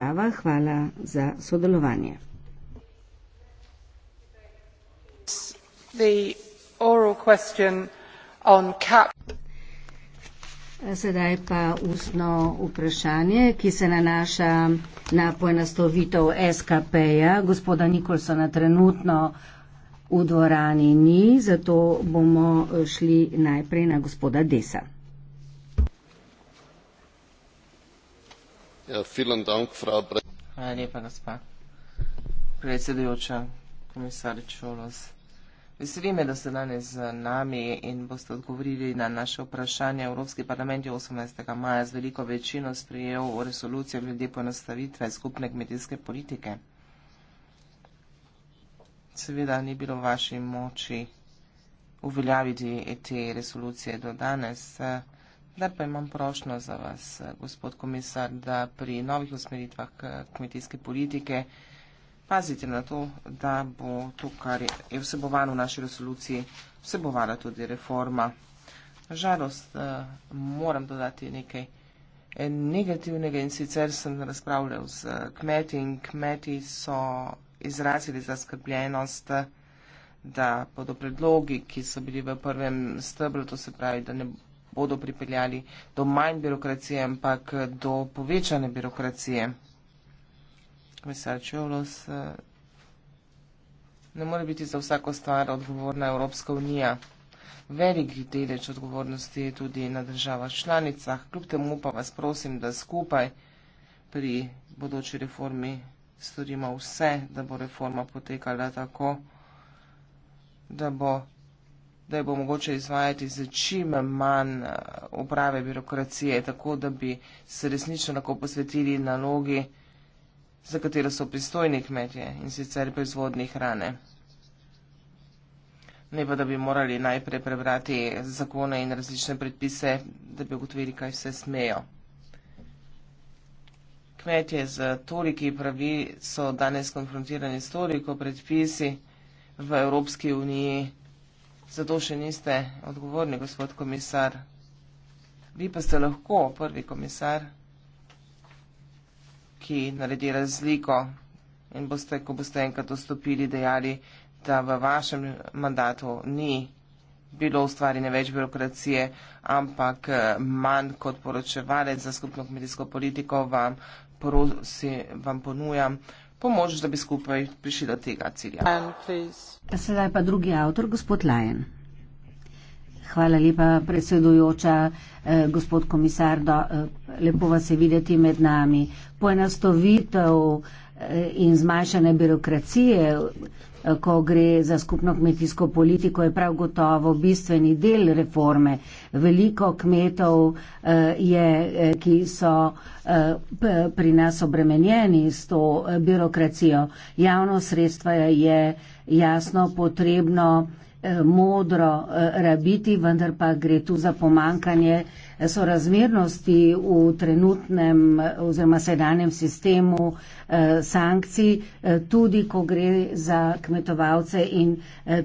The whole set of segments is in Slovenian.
predstava. Hvala za sodelovanje. Sedaj pa ustno vprašanje, ki se nanaša na poenostavitev SKP-ja. Gospoda Nikolsona trenutno v dvorani ni, zato bomo šli najprej na gospoda Desa. Ja, Hvala lepa, gospa predsedujoča, komisar Čolos. Veseli me, da ste danes z nami in boste odgovorili na naše vprašanje. Evropski parlament je 18. maja z veliko večino sprijel resolucijo glede ponastavitve skupne kmetijske politike. Seveda ni bilo v vaši moči uveljaviti te resolucije do danes. Zdaj pa imam prošlo za vas, eh, gospod komisar, da pri novih usmeritvah eh, kmetijske politike pazite na to, da bo to, kar je vsebovano v naši resoluciji, vsebovala tudi reforma. Žalost, eh, moram dodati nekaj negativnega in sicer sem razpravljal z kmeti in kmeti so izrazili zaskrbljenost, da bodo predlogi, ki so bili v prvem stebru, to se pravi, da ne bo bodo pripeljali do manj birokracije, ampak do povečane birokracije. Komisar Čevlos, eh, ne more biti za vsako stvar odgovorna Evropska unija. Velik delež odgovornosti je tudi na državah članicah. Kljub temu pa vas prosim, da skupaj pri bodoči reformi storimo vse, da bo reforma potekala tako, da bo da jo bo mogoče izvajati z čim manj eh, uprave birokracije, tako da bi se resnično lahko posvetili nalogi, za katero so pristojni kmetje in sicer proizvodni hrane. Ne pa, da bi morali najprej prebrati zakone in različne predpise, da bi ugotovili, kaj vse smejo. Kmetje z toliki pravi so danes konfrontirani s toliko predpisi v Evropski uniji, Zato še niste odgovorni, gospod komisar. Vi pa ste lahko prvi komisar, ki naredi razliko in boste, ko boste enkrat vstopili, dejali, da v vašem mandatu ni bilo ustvarjene več birokracije, ampak manj kot poročevalec za skupno kmetijsko politiko vam, porosi, vam ponujam pomoč, da bi skupaj prišli do tega cilja. Sedaj pa drugi avtor, gospod Lajen. Hvala lepa, predsedujoča, eh, gospod komisar, da eh, lepo vas je videti med nami. Poenostavitev. Eh, in zmanjšane birokracije, ko gre za skupno kmetijsko politiko, je prav gotovo bistveni del reforme. Veliko kmetov eh, je, eh, ki so eh, pri nas obremenjeni s to birokracijo. Javno sredstva je jasno potrebno modro rabiti, vendar pa gre tu za pomankanje sorazmernosti v trenutnem oziroma sedanjem sistemu eh, sankcij, eh, tudi ko gre za kmetovalce in eh,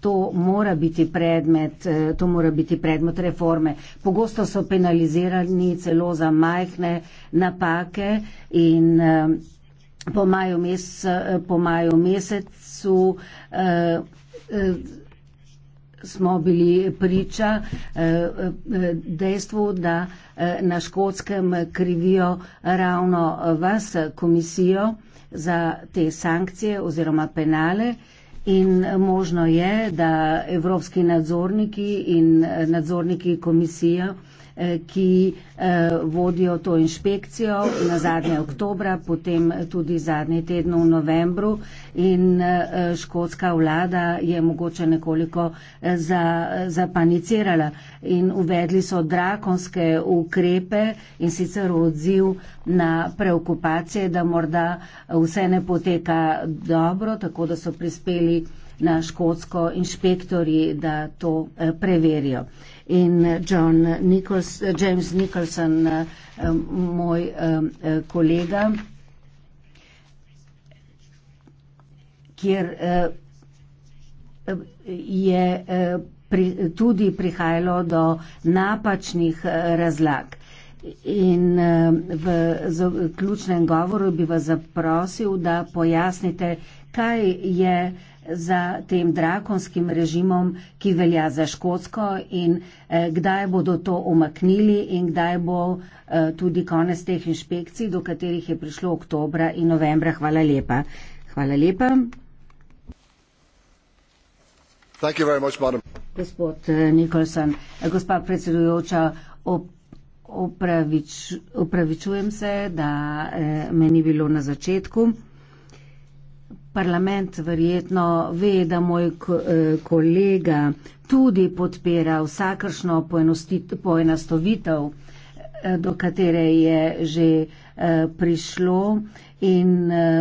To mora, predmet, eh, to mora biti predmet reforme. Pogosto so penalizirani celo za majhne napake in eh, po maju, mes, po maju mesecu eh, eh smo bili priča eh, eh, dejstvu, da eh, na škotskem krivijo ravno vas, komisijo, za te sankcije oziroma penale. In možno je, da evropski nadzorniki in nadzorniki komisije Eh, ki eh, vodijo to inšpekcijo na zadnje oktobra, potem tudi zadnji teden v novembru in eh, škotska vlada je mogoče nekoliko zapanicirala in uvedli so drakonske ukrepe in sicer odziv na preokupacije, da morda vse ne poteka dobro, tako da so prispeli na škotsko inšpektori, da to eh, preverijo. In John Nichols, James Nicholson, eh, moj eh, kolega, kjer je tudi prihajalo do napačnih razlag. In v ključnem govoru bi vas zaprosil, da pojasnite, kaj je uh, za tem drakonskim režimom, ki velja za Škotsko in eh, kdaj bodo to omaknili in kdaj bo eh, tudi konec teh inšpekcij, do katerih je prišlo oktobra in novembra. Hvala lepa. Hvala lepa. Much, Gospod eh, Nikolson, gospa predsedujoča, op, opravič, opravičujem se, da eh, me ni bilo na začetku. Parlament verjetno ve, da moj eh, kolega tudi podpira vsakršno poenostavitev, eh, do katere je že eh, prišlo in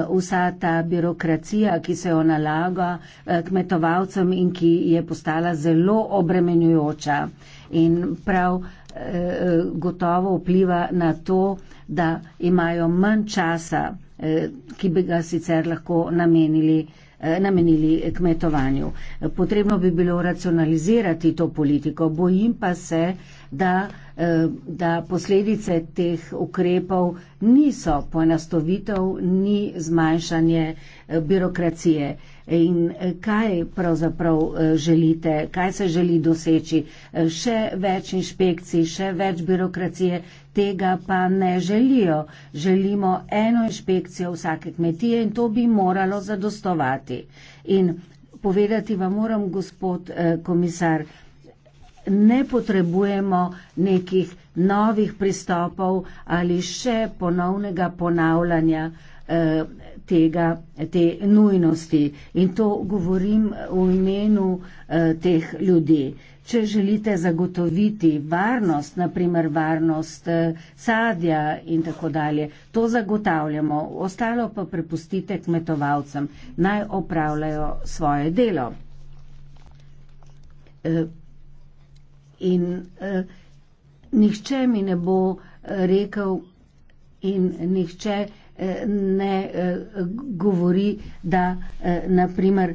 vsa ta birokracija, ki se jo nalaga kmetovalcem in ki je postala zelo obremenjujoča in prav gotovo vpliva na to, da imajo manj časa ki bi ga sicer lahko namenili, eh, namenili kmetovanju. Potrebno bi bilo racionalizirati to politiko, bojim pa se, da Eh, da posledice teh ukrepov niso poenostavitev, ni zmanjšanje eh, birokracije. In eh, kaj pravzaprav želite, kaj se želi doseči? Še več inšpekcij, še več birokracije, tega pa ne želijo. Želimo eno inšpekcijo vsake kmetije in to bi moralo zadostovati. In povedati vam moram, gospod komisar, ne potrebujemo nekih novih pristopov ali še ponovnega ponavljanja eh, tega, te nujnosti. In to govorim v imenu eh, teh ljudi. Če želite zagotoviti varnost, naprimer varnost eh, sadja in tako dalje, to zagotavljamo, ostalo pa prepustite kmetovalcem, naj opravljajo svoje delo in eh, nihče mi ne bo eh, rekel in nihče eh, ne eh, govori, da, eh, naprimer,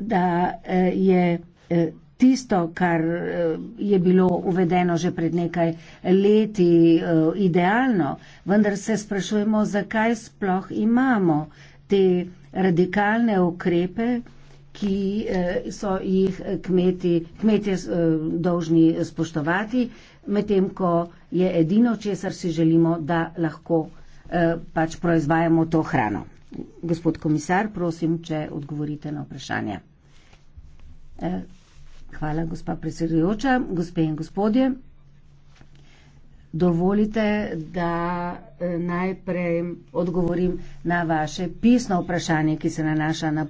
da eh, je eh, Tisto, kar eh, je bilo uvedeno že pred nekaj leti, eh, idealno, vendar se sprašujemo, zakaj sploh imamo te radikalne ukrepe, ki eh, so jih eh, kmeti, kmetje eh, dolžni spoštovati, medtem ko je edino, česar si želimo, da lahko pač proizvajamo to hrano. Gospod komisar, prosim, če odgovorite na vprašanje. Hvala, gospa predsedujoča, gospe in gospodje dovolite, da eh, najprej odgovorim na vaše pisno vprašanje, ki se nanaša na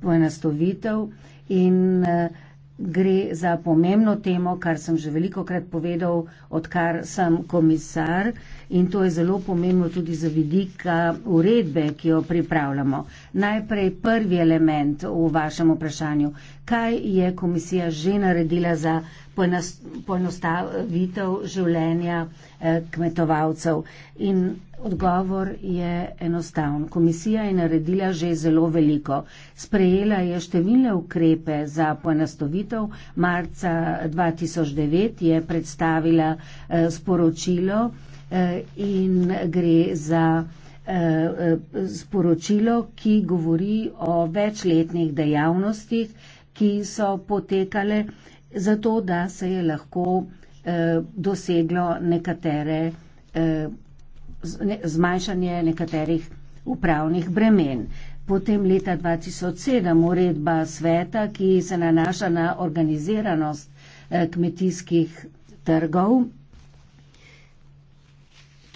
poenostavitev in eh, gre za pomembno temo, kar sem že veliko krat povedal, odkar sem komisar in to je zelo pomembno tudi za vidika uredbe, ki jo pripravljamo. Najprej prvi element v vašem vprašanju. Kaj je komisija že naredila za poenostavitev življenja eh, kmetovalcev? In odgovor je enostaven. Komisija je naredila že zelo veliko. Sprejela je številne ukrepe za poenostavitev. Marca 2009 je predstavila eh, sporočilo, Eh, in gre za eh, eh, sporočilo, ki govori o večletnih dejavnostih, ki so potekale zato, da se je lahko doseglo nekatere, zmanjšanje nekaterih upravnih bremen. Potem leta 2007 uredba sveta, ki se nanaša na organiziranost kmetijskih trgov,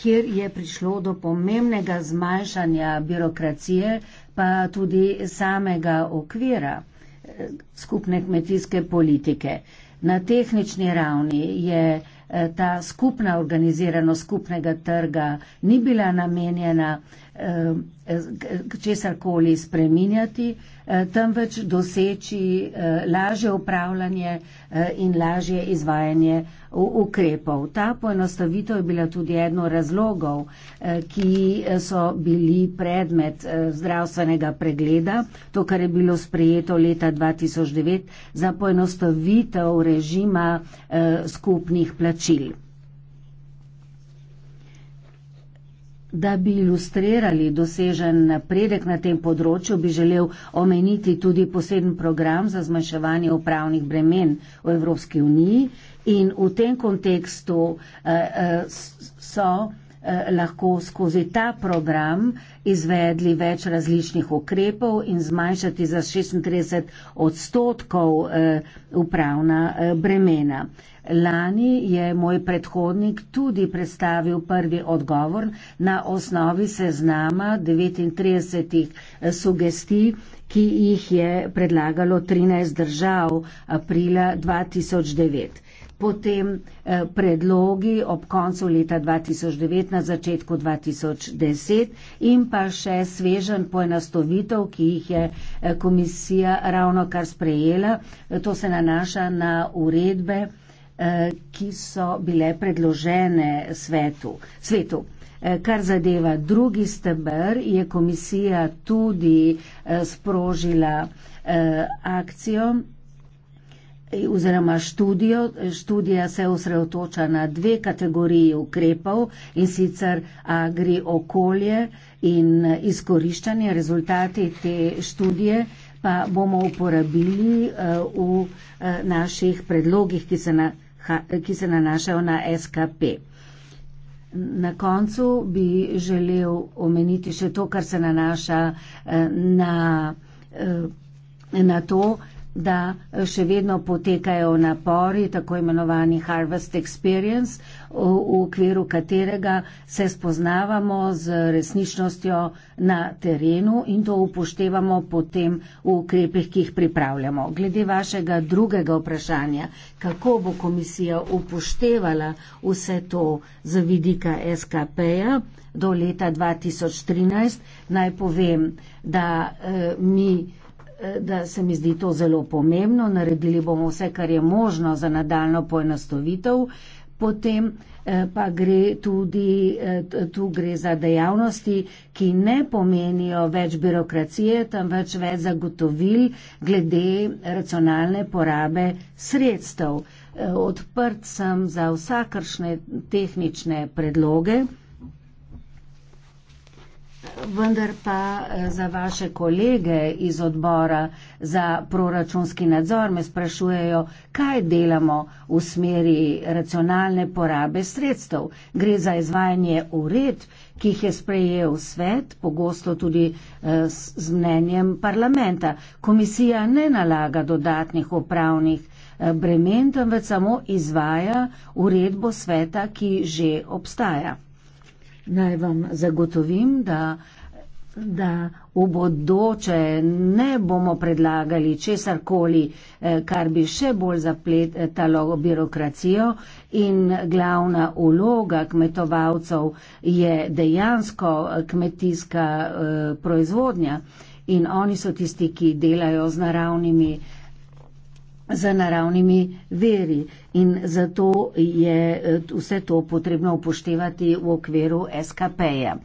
kjer je prišlo do pomembnega zmanjšanja birokracije, pa tudi samega okvira eh, skupne kmetijske politike. Na tehnični ravni je eh, ta skupna organiziranost skupnega trga ni bila namenjena eh, česarkoli spreminjati, Eh, temveč doseči eh, lažje upravljanje eh, in lažje izvajanje ukrepov. Ta poenostavitev je bila tudi eno razlogov, ki so bili predmet zdravstvenega pregleda, to, kar je bilo sprejeto leta 2009 za poenostavitev režima skupnih plačil. Da bi ilustrirali dosežen napredek na tem področju, bi želel omeniti tudi poseben program za zmanjševanje upravnih bremen v Evropski uniji in v tem kontekstu eh, eh so Eh, lahko skozi ta program izvedli več različnih ukrepov in zmanjšati za 36 odstotkov eh, upravna eh, bremena. Lani je moj predhodnik tudi predstavil prvi odgovor na osnovi seznama 39 sugesti, ki jih je predlagalo 13 držav aprila 2009 potem eh, predlogi ob koncu leta 2009, na začetku 2010 in pa še svežen poenostovitev, ki jih je eh, komisija ravno kar sprejela. Eh, to se nanaša na uredbe, ki so bile predložene svetu, svetu. Kar zadeva drugi stebr, je komisija tudi sprožila akcijo oziroma študijo, študija se osredotoča na dve kategoriji ukrepov in sicer agri okolje in izkoriščanje. Rezultati te študije pa bomo uporabili v naših predlogih, ki se, na, ki se nanašajo na SKP. Na koncu bi želel omeniti še to, kar se nanaša na, na to, da eh, še vedno potekajo napori, tako imenovani Harvest Experience, v, v okviru katerega se spoznavamo z resničnostjo na terenu in to upoštevamo potem v ukrepih, ki jih pripravljamo. Glede vašega drugega vprašanja, kako bo komisija upoštevala vse to z vidika SKP-ja do leta 2013, naj povem, da eh, mi da se mi zdi to zelo pomembno, naredili bomo vse, kar je možno za nadaljno poenostavitev, potem eh, pa gre tudi, eh, tu gre za dejavnosti, ki ne pomenijo več birokracije, tam več več zagotovil glede racionalne porabe sredstev. Eh, odprt sem za vsakršne tehnične predloge vendar pa eh, za vaše kolege iz odbora za proračunski nadzor me sprašujejo, kaj delamo v smeri racionalne porabe sredstev. Gre za izvajanje ured, ki jih je sprejel svet, pogosto tudi eh, z mnenjem parlamenta. Komisija ne nalaga dodatnih upravnih eh, bremen, temveč samo izvaja uredbo sveta, ki že obstaja. Naj vam zagotovim, da, da v bodoče ne bomo predlagali česar koli, eh, kar bi še bolj zapletalo birokracijo in glavna uloga kmetovalcev je dejansko eh, kmetijska eh, proizvodnja. In oni so tisti, ki delajo z naravnimi eh, za naravnimi veri in zato je eh, vse to potrebno upoštevati v okviru SKP-ja.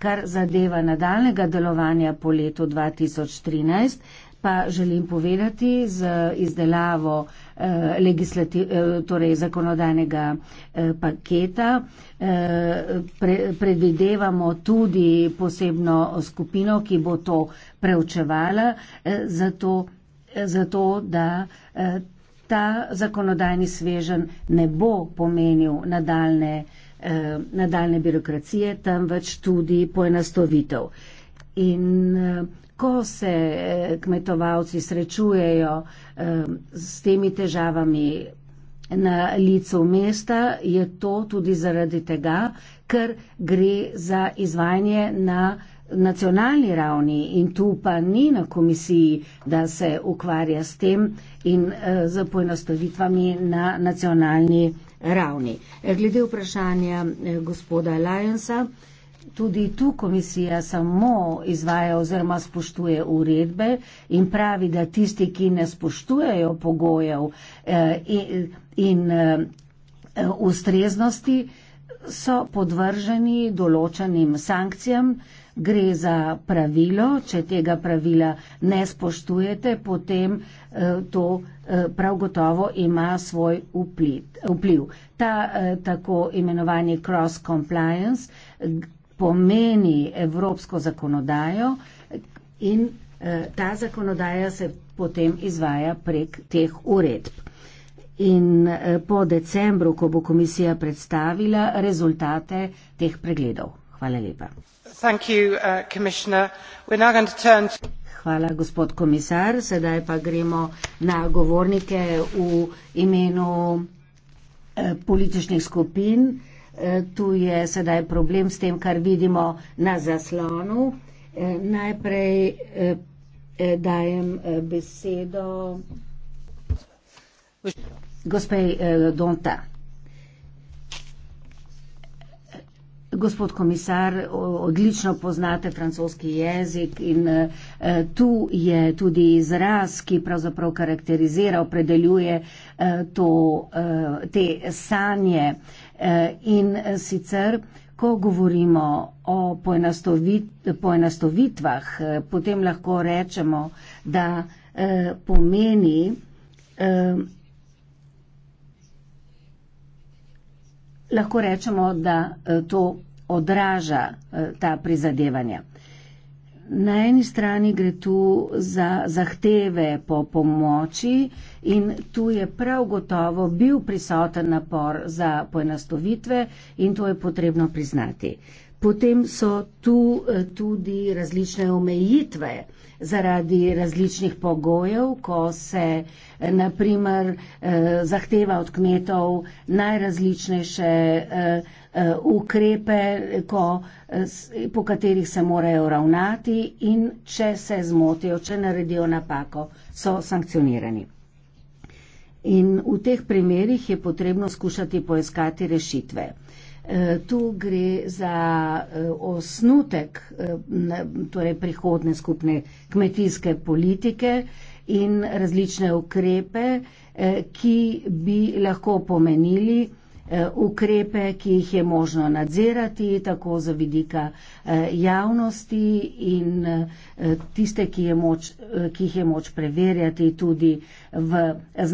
Kar zadeva nadaljnega delovanja po letu 2013, pa želim povedati z izdelavo eh, eh, torej zakonodajnega paketa. Predvidevamo tudi posebno skupino, ki bo to preučevala, zato zato, da eh, ta zakonodajni svežen ne bo pomenil nadaljne, eh, nadaljne birokracije, temveč tudi poenostavitev. In eh, ko se kmetovalci srečujejo s temi težavami na licu mesta, je to tudi zaradi tega, ker gre za izvajanje na nacionalni ravni in tu pa ni na komisiji, da se ukvarja s tem in eh, z poenostavitvami na nacionalni ravni. Eh, glede vprašanja eh, gospoda Lionsa, tudi tu komisija samo izvaja oziroma spoštuje uredbe in pravi, da tisti, ki ne spoštujejo pogojev in ustreznosti, so podvrženi določenim sankcijam, gre za pravilo, če tega pravila ne spoštujete, potem eh, to eh, prav gotovo ima svoj vpliv. Ta eh, tako imenovani cross compliance pomeni evropsko zakonodajo in ta zakonodaja se potem izvaja prek teh uredb. In po decembru, ko bo komisija predstavila rezultate teh pregledov. Uh, Hvala, gospod komisar. Sedaj pa gremo na govornike v imenu eh, političnih skupin. Eh, tu je sedaj problem s tem, kar vidimo na zaslonu. Eh, najprej dajem besedo gospej Donta. Gospod komisar, odlično poznate francoski jezik in eh, tu je tudi izraz, ki pravzaprav karakterizira, opredeljuje eh, to, eh, te sanje. In sicer, ko govorimo o poenostavitvah, potem lahko rečemo, da pomeni lahko rečemo, da eh, to odraža eh, ta prizadevanja. Na eni strani gre tu za zahteve po pomoči in tu je prav gotovo bil prisoten napor za poenostovitve in to je potrebno priznati. Potem so tu eh, tudi različne omejitve zaradi različnih pogojev, ko se eh, naprimer eh, zahteva od kmetov najrazličnejše ukrepe, ko, po katerih se morajo ravnati in če se zmotijo, če naredijo napako, so sankcionirani. In v teh primerjih je potrebno skušati poiskati rešitve. Eh, tu gre za eh, osnutek eh, torej prihodne skupne kmetijske politike in različne ukrepe, ki bi lahko pomenili, Eh, ukrepe, ki jih je možno nadzirati, tako za vidika eh, javnosti in eh, tiste, ki, je moč, ki jih je moč preverjati tudi v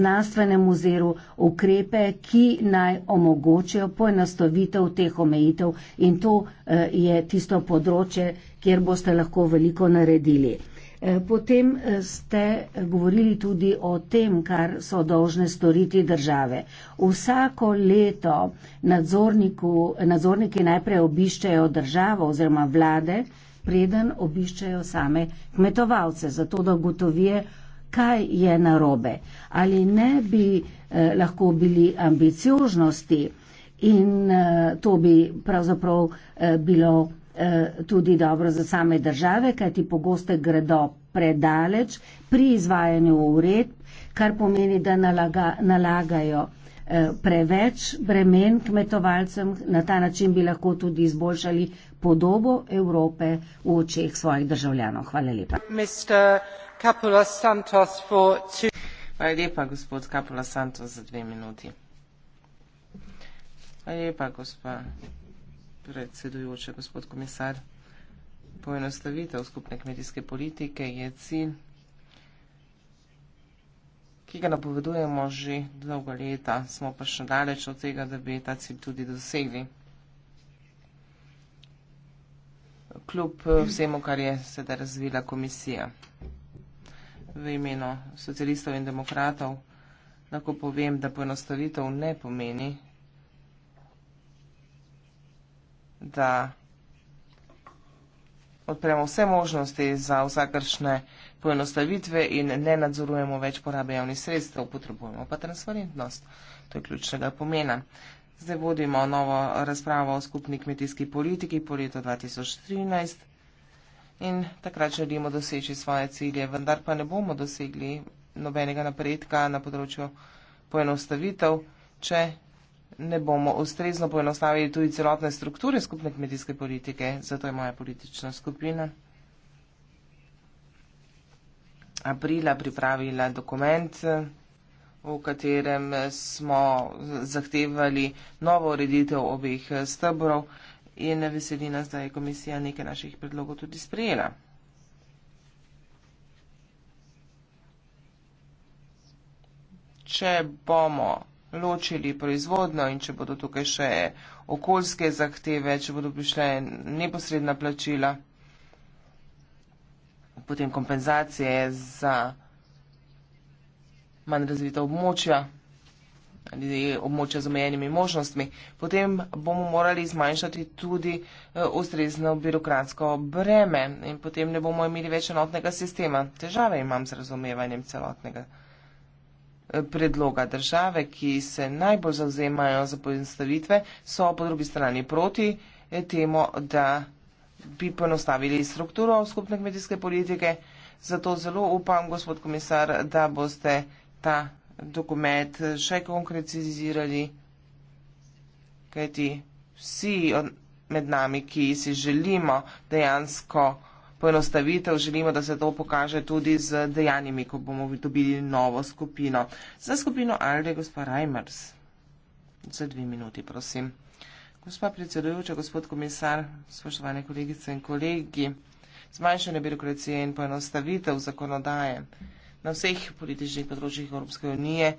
znanstvenem oziru, ukrepe, ki naj omogočajo poenostavitev teh omejitev in to je tisto področje, kjer boste lahko veliko naredili. Eh, potem eh, ste eh, govorili tudi o tem, kar so dolžne storiti države. Vsako leto nadzorniki najprej obiščajo državo oziroma vlade, preden obiščajo same kmetovalce, zato da ugotovijo, kaj je narobe. Ali ne bi lahko bili ambicioznosti in to bi pravzaprav bilo Eh, tudi dobro za same države, kajti pogoste gredo predaleč pri izvajanju uredb, kar pomeni, da nalaga, nalagajo eh, preveč bremen kmetovalcem, na ta način bi lahko tudi izboljšali podobo Evrope v očeh svojih državljanov. Hvala lepa. Hvala lepa, gospod Kapula Santos, za dve minuti. Hvala lepa, gospa predsedujoča, gospod komisar. Poenostavitev skupne kmetijske politike je cilj, ki ga napovedujemo že dolga leta. Smo pa še daleč od tega, da bi ta cilj tudi dosegli. Kljub vsemu, kar je sedaj razvila komisija. V imenu socialistov in demokratov lahko povem, da poenostavitev ne pomeni da odpremo vse možnosti za vsakršne poenostavitve in ne nadzorujemo več porabe javnih sredstev, potrebujemo pa transparentnost. To je ključnega pomena. Zdaj vodimo novo razpravo o skupni kmetijski politiki po letu 2013 in takrat želimo doseči svoje cilje, vendar pa ne bomo dosegli nobenega napredka na področju poenostavitev, če ne bomo ustrezno poenostavili tudi celotne strukture skupne kmetijske politike, zato je moja politična skupina aprila pripravila dokument, v katerem smo zahtevali novo ureditev obeh stebrov in veseli nas, da je komisija nekaj naših predlogov tudi sprejela. Če bomo ločili proizvodno in če bodo tukaj še okoljske zahteve, če bodo prišle neposredna plačila, potem kompenzacije za manj razvita območja ali območja z omejenimi možnostmi, potem bomo morali zmanjšati tudi eh, ustrezno birokratsko breme in potem ne bomo imeli več enotnega sistema. Težave imam z razumevanjem celotnega sistema predloga države, ki se najbolj zauzemajo za poenostavitve, so po drugi strani proti eh, temu, da bi poenostavili strukturo skupne kmetijske politike. Zato zelo upam, gospod komisar, da boste ta dokument še konkretizirali, kajti vsi od, med nami, ki si želimo dejansko poenostavitev, želimo, da se to pokaže tudi z dejanjami, ko bomo dobili novo skupino. Za skupino Alde, gospod Reimers. Za dve minuti, prosim. Gospod predsedujoča, gospod komisar, spoštovane kolegice in kolegi, zmanjšanje birokracije in poenostavitev zakonodaje na vseh političnih področjih Evropske unije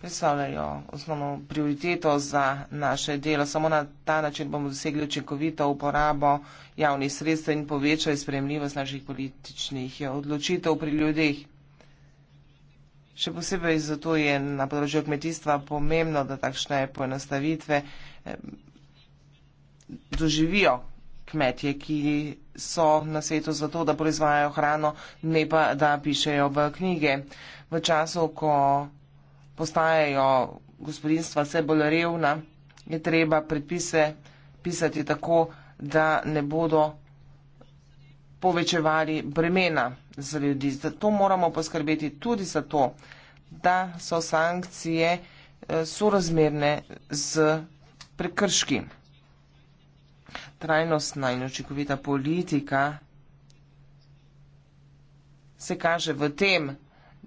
predstavljajo osnovno prioriteto za naše delo. Samo na ta način bomo dosegli učinkovito uporabo javnih sredstev in povečali sprejemljivost naših političnih odločitev pri ljudeh. Še posebej zato je na področju kmetijstva pomembno, da takšne poenostavitve eh, doživijo kmetje, ki so na svetu zato, da proizvajajo hrano, ne pa da pišejo v knjige. V času, ko postajajo gospodinstva vse bolj revna, je treba predpise pisati tako, da ne bodo povečevali bremena za ljudi. Zato moramo poskrbeti tudi za to, da so sankcije eh, sorazmerne z prekrški. Trajnostna in očekovita politika se kaže v tem,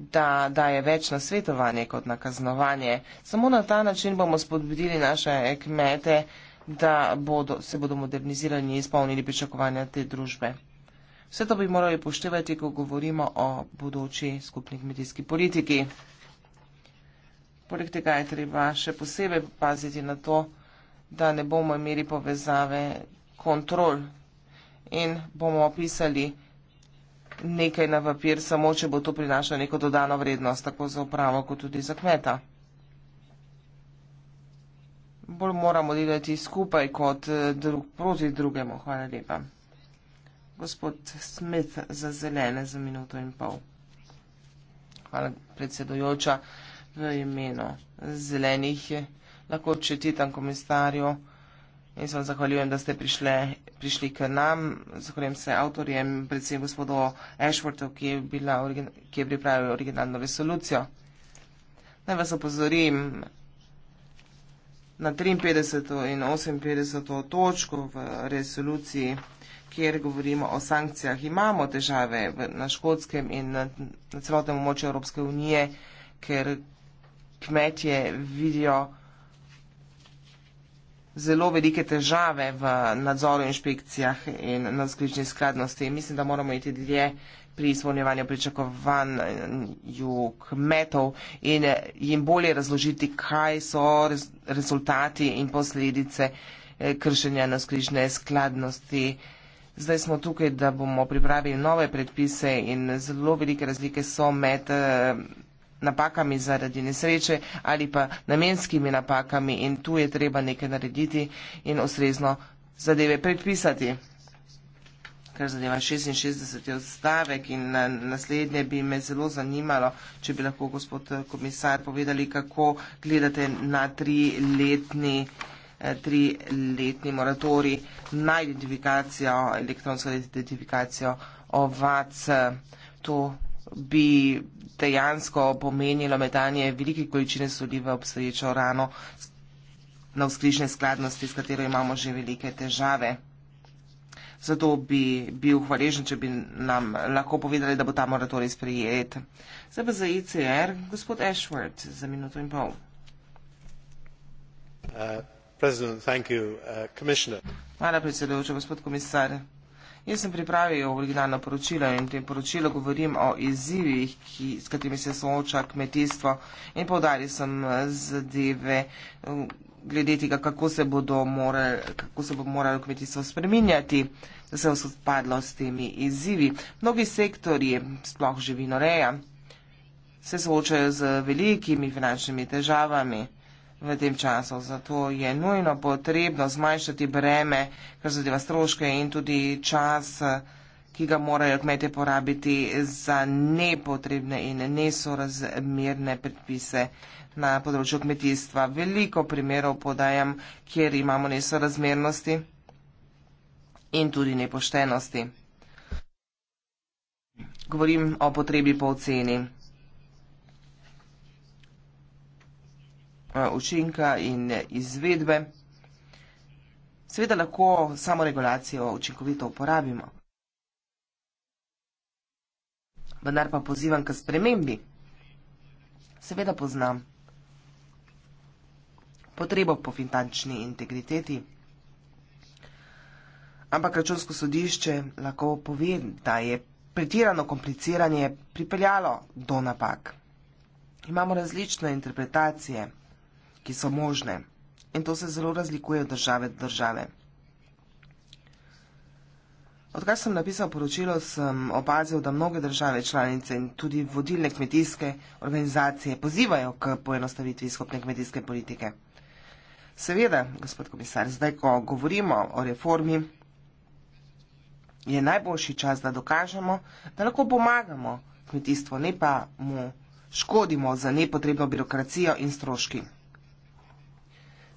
da daje več na svetovanje kot na kaznovanje. Samo na ta način bomo spodbudili naše kmete, da bodo, se bodo modernizirali in izpolnili pričakovanja te družbe. Vse to bi morali poštevati, ko govorimo o bodoči skupni kmetijski politiki. Poleg tega je treba še posebej paziti na to, da ne bomo imeli povezave kontrol in bomo opisali, nekaj na papir, samo če bo to prinašalo neko dodano vrednost, tako za upravo, kot tudi za kmeta. Bolj moramo delati skupaj, kot eh, drug, proti drugemu. Hvala lepa. Gospod Smith za zelene za minuto in pol. Hvala predsedojoča v imenu zelenih. Lahko četitam komisarju. In se vam zahvaljujem, da ste prišle, prišli k nam. Zahvaljujem se avtorjem, predvsem gospodu Ashwortu, ki je, bila, ki je pripravil originalno resolucijo. Naj vas opozorim na 53. in 58. točko v resoluciji, kjer govorimo o sankcijah. Imamo težave na škotskem in na celotnem območju Evropske unije, ker kmetje vidijo, zelo velike težave v nadzoru inšpekcijah in na sklični skladnosti. Mislim, da moramo iti dlje pri izpolnjevanju pričakovanju kmetov in jim bolje razložiti, kaj so rezultati in posledice eh, kršenja na sklične skladnosti. Zdaj smo tukaj, da bomo pripravili nove predpise in zelo velike razlike so med eh, napakami zaradi nesreče ali pa namenskimi napakami in tu je treba nekaj narediti in ustrezno zadeve predpisati. Kar zadeva 66. odstavek in eh, naslednje bi me zelo zanimalo, če bi lahko gospod eh, komisar povedali, kako gledate na tri letni eh, tri letni moratori na identifikacijo, elektronsko identifikacijo ovac. To bi dejansko pomenilo metanje velike količine soli v obstoječo rano na vzkrižne skladnosti, s katero imamo že velike težave. Zato bi bil hvaležen, če bi nam lahko povedali, da bo ta moratorij sprejet. Zdaj pa za ICR, e gospod Ashworth, za minuto in pol. Uh, uh Hvala, predsedujoča, gospod komisar. Jaz sem pripravil originalno poročilo in v tem poročilu govorim o izzivih, ki, s katerimi se sooča kmetijstvo in povdari sem eh, zadeve eh, glede tega, kako se, morali, kako se bo moralo kmetijstvo spreminjati, da se bo spadlo s temi izzivi. Mnogi sektori, sploh živinoreja, se soočajo z velikimi finančnimi težavami v tem času. Zato je nujno potrebno zmanjšati breme, kar zadeva stroške in tudi čas, ki ga morajo kmete porabiti za nepotrebne in nesorazmerne predpise na področju kmetijstva. Veliko primerov podajam, kjer imamo nesorazmernosti in tudi nepoštenosti. Govorim o potrebi po oceni. Eh, učinka in izvedbe. Sveda lahko samo regulacijo učinkovito uporabimo. Vendar pa pozivam k spremembi. Seveda poznam potrebo po finančni integriteti, ampak računsko sodišče lahko pove, da je pretirano kompliciranje pripeljalo do napak. Imamo različne interpretacije ki so možne. In to se zelo razlikuje od države do države. Odkar sem napisal poročilo, sem opazil, da mnoge države članice in tudi vodilne kmetijske organizacije pozivajo k poenostavitvi skupne kmetijske politike. Seveda, gospod komisar, zdaj, ko govorimo o reformi, je najboljši čas, da dokažemo, da lahko pomagamo kmetijstvu, ne pa mu škodimo za nepotrebno birokracijo in stroški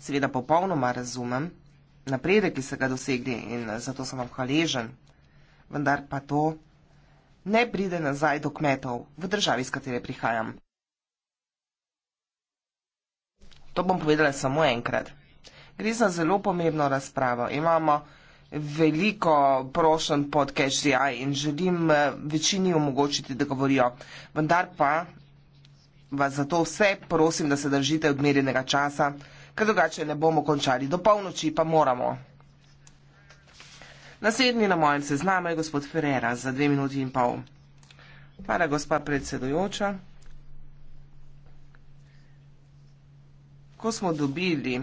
seveda popolnoma razumem napredek, ki se ga dosegli in zato sem vam hvaležen. Vendar pa to ne pride nazaj do kmetov v državi, iz katere prihajam. To bom povedala samo enkrat. Gre za zelo pomembno razpravo. Imamo veliko prošen pod KGI in želim eh, večini omogočiti, da govorijo. Vendar pa vas zato vse prosim, da se držite odmerjenega časa ker drugače ne bomo končali. Do polnoči pa moramo. Naslednji na mojem seznamu je gospod Ferrera za dve minuti in pol. Hvala, gospa predsedujoča. Ko smo dobili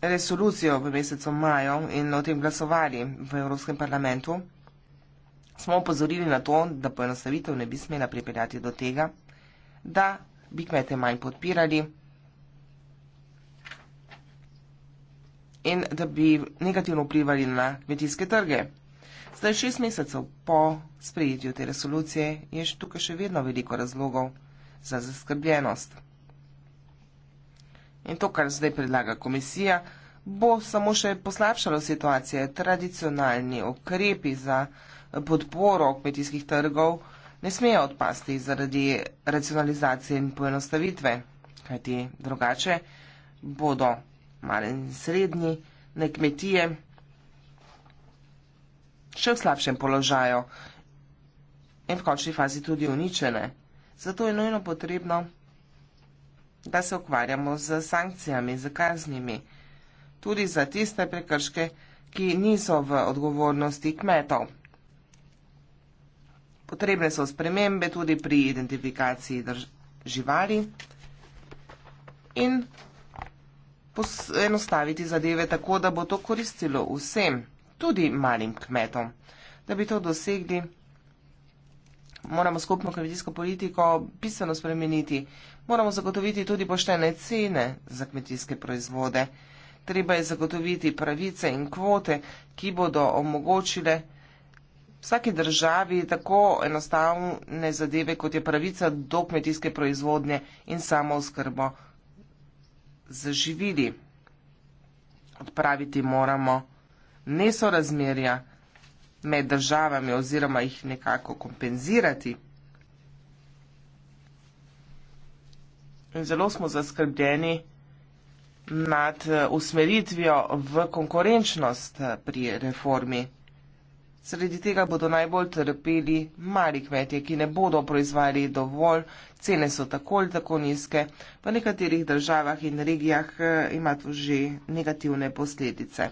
resolucijo v mesecu maju in o tem glasovali v Evropskem parlamentu, smo opozorili na to, da poenostavitev ne bi smela pripeljati do tega, da bi kmete manj podpirali in da bi negativno vplivali na kmetijske trge. Zdaj, šest mesecev po sprejetju te resolucije, je tukaj še vedno veliko razlogov za zaskrbljenost. In to, kar zdaj predlaga komisija, bo samo še poslabšalo situacijo. Tradicionalni okrepi za podporo kmetijskih trgov ne smejo odpasti zaradi racionalizacije in poenostavitve, kajti drugače bodo malo in srednji, na kmetije, še v slabšem položaju in v končni fazi tudi uničene. Zato je nujno potrebno, da se ukvarjamo z sankcijami, z kaznimi, tudi za tiste prekrške, ki niso v odgovornosti kmetov. Potrebne so spremembe tudi pri identifikaciji živali in poenostaviti zadeve tako, da bo to koristilo vsem, tudi malim kmetom. Da bi to dosegli, moramo skupno kmetijsko politiko bistveno spremeniti. Moramo zagotoviti tudi poštene cene za kmetijske proizvode. Treba je zagotoviti pravice in kvote, ki bodo omogočile vsaki državi tako enostavne zadeve, kot je pravica do kmetijske proizvodnje in samo oskrbo zaživili. Odpraviti moramo nesorazmerja med državami oziroma jih nekako kompenzirati. In zelo smo zaskrbljeni nad eh, usmeritvijo v konkurenčnost eh, pri reformi. Sredi tega bodo najbolj trpeli mali kmetje, ki ne bodo proizvajali dovolj, cene so tako ali tako nizke, v nekaterih državah in regijah eh, ima to že negativne posledice.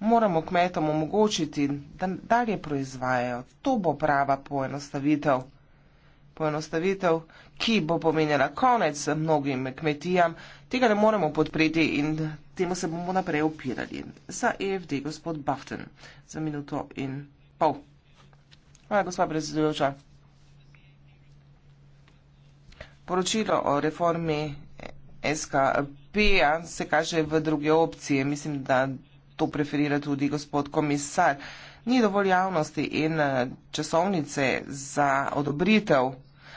Moramo kmetom omogočiti, da dalje proizvajajo. To bo prava poenostavitev. Poenostavitev, ki bo pomenila konec mnogim kmetijam, Tega ne moremo podpreti in temu se bomo naprej opirali. Za EFD, gospod Bafton, za minuto in pol. Hvala, gospod predsedujoča. Poročilo o reformi SKP-ja se kaže v druge opcije. Mislim, da to preferira tudi gospod komisar. Ni dovolj javnosti in časovnice za odobritev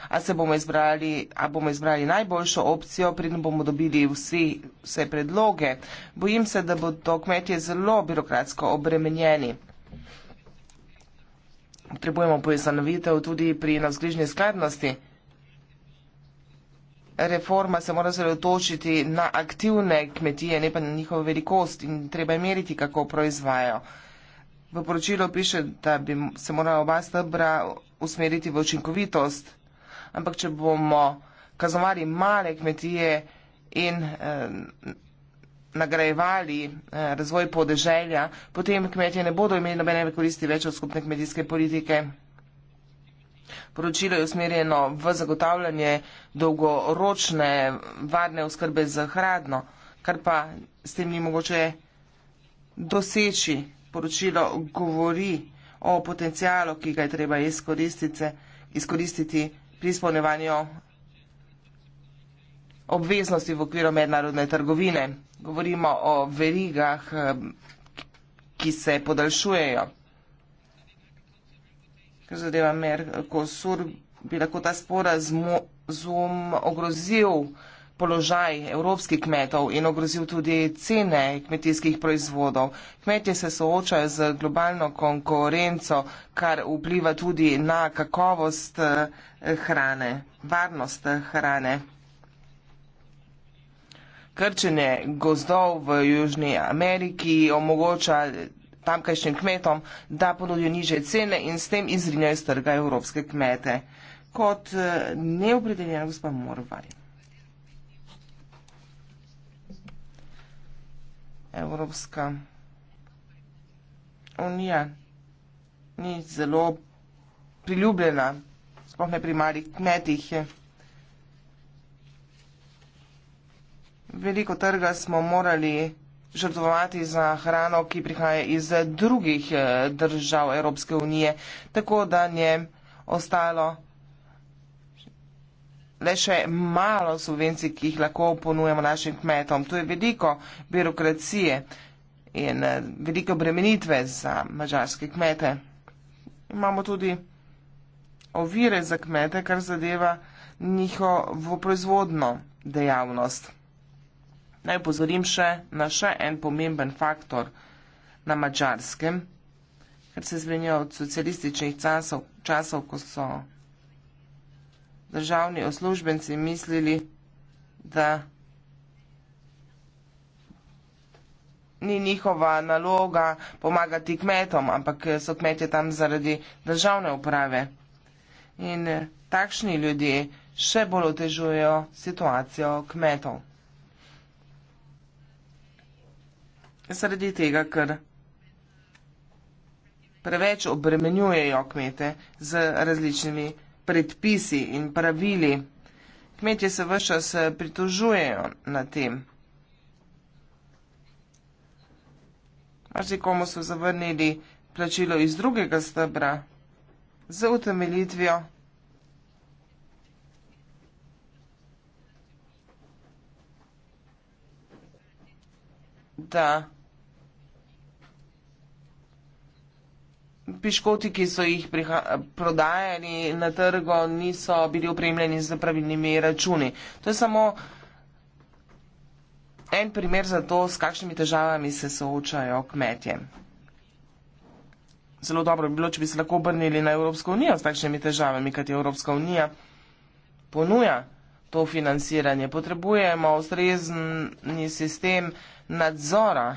a se bomo izbrali, a bomo izbrali najboljšo opcijo, preden bomo dobili vsi, vse predloge. Bojim se, da bo to kmetje zelo birokratsko obremenjeni. Potrebujemo pojasnitev tudi pri navzgližni skladnosti. Reforma se mora zredotočiti na aktivne kmetije, ne pa na njihovo velikost in treba je meriti, kako proizvajajo. V poročilu piše, da bi se morala oba stebra usmeriti v učinkovitost ampak če bomo kaznovali male kmetije in eh, nagrajevali eh, razvoj podeželja, potem kmetije ne bodo imeli nobene koristi več od skupne kmetijske politike. Poročilo je usmerjeno v zagotavljanje dolgoročne varne oskrbe z hradno, kar pa s tem ni mogoče doseči. Poročilo govori o potencijalu, ki ga je treba izkoristiti. izkoristiti pri izpolnjevanju obveznosti v okviru mednarodne trgovine. Govorimo o verigah, eh, ki se podaljšujejo. Ker zadeva Merkosur, bi lahko ta sporazum ogrozil položaj evropskih kmetov in ogrozil tudi cene kmetijskih proizvodov. Kmetje se soočajo z globalno konkurenco, kar vpliva tudi na kakovost eh, hrane, varnost eh, hrane. Krčenje gozdov v Južni Ameriki omogoča tamkajšnjim kmetom, da ponudijo niže cene in s tem izrinjajo z trga evropske kmete. Kot eh, neopredeljena gospa Morvaj. Evropska unija ni zelo priljubljena, sploh ne pri malih kmetih. Veliko trga smo morali žrtvovati za hrano, ki prihaja iz drugih eh, držav Evropske unije, tako da je ostalo le še malo subvencij, ki jih lahko ponujemo našim kmetom. To je veliko birokracije in eh, veliko bremenitve za mačarske kmete. Imamo tudi ovire za kmete, kar zadeva njihovo proizvodno dejavnost. Naj pozorim še na še en pomemben faktor na mačarskem, ker se zmenijo od socialističnih časov, časov ko so državni uslužbenci mislili, da ni njihova naloga pomagati kmetom, ampak so kmetje tam zaradi državne uprave. In eh, takšni ljudje še bolj otežujejo situacijo kmetov. Zaradi tega, ker preveč obremenjujejo kmete z različnimi predpisi in pravili. Kmetje se vse čas eh, pritožujejo na tem. Marsi komu so zavrnili plačilo iz drugega stebra z utemeljitvijo. Da. piškoti, ki so jih prodajali na trgo, niso bili upremljeni z pravilnimi računi. To je samo en primer za to, s kakšnimi težavami se soočajo kmetje. Zelo dobro bi bilo, če bi se lahko obrnili na Evropsko unijo s takšnimi težavami, kaj ti Evropska unija ponuja to financiranje. Potrebujemo ustrezni sistem nadzora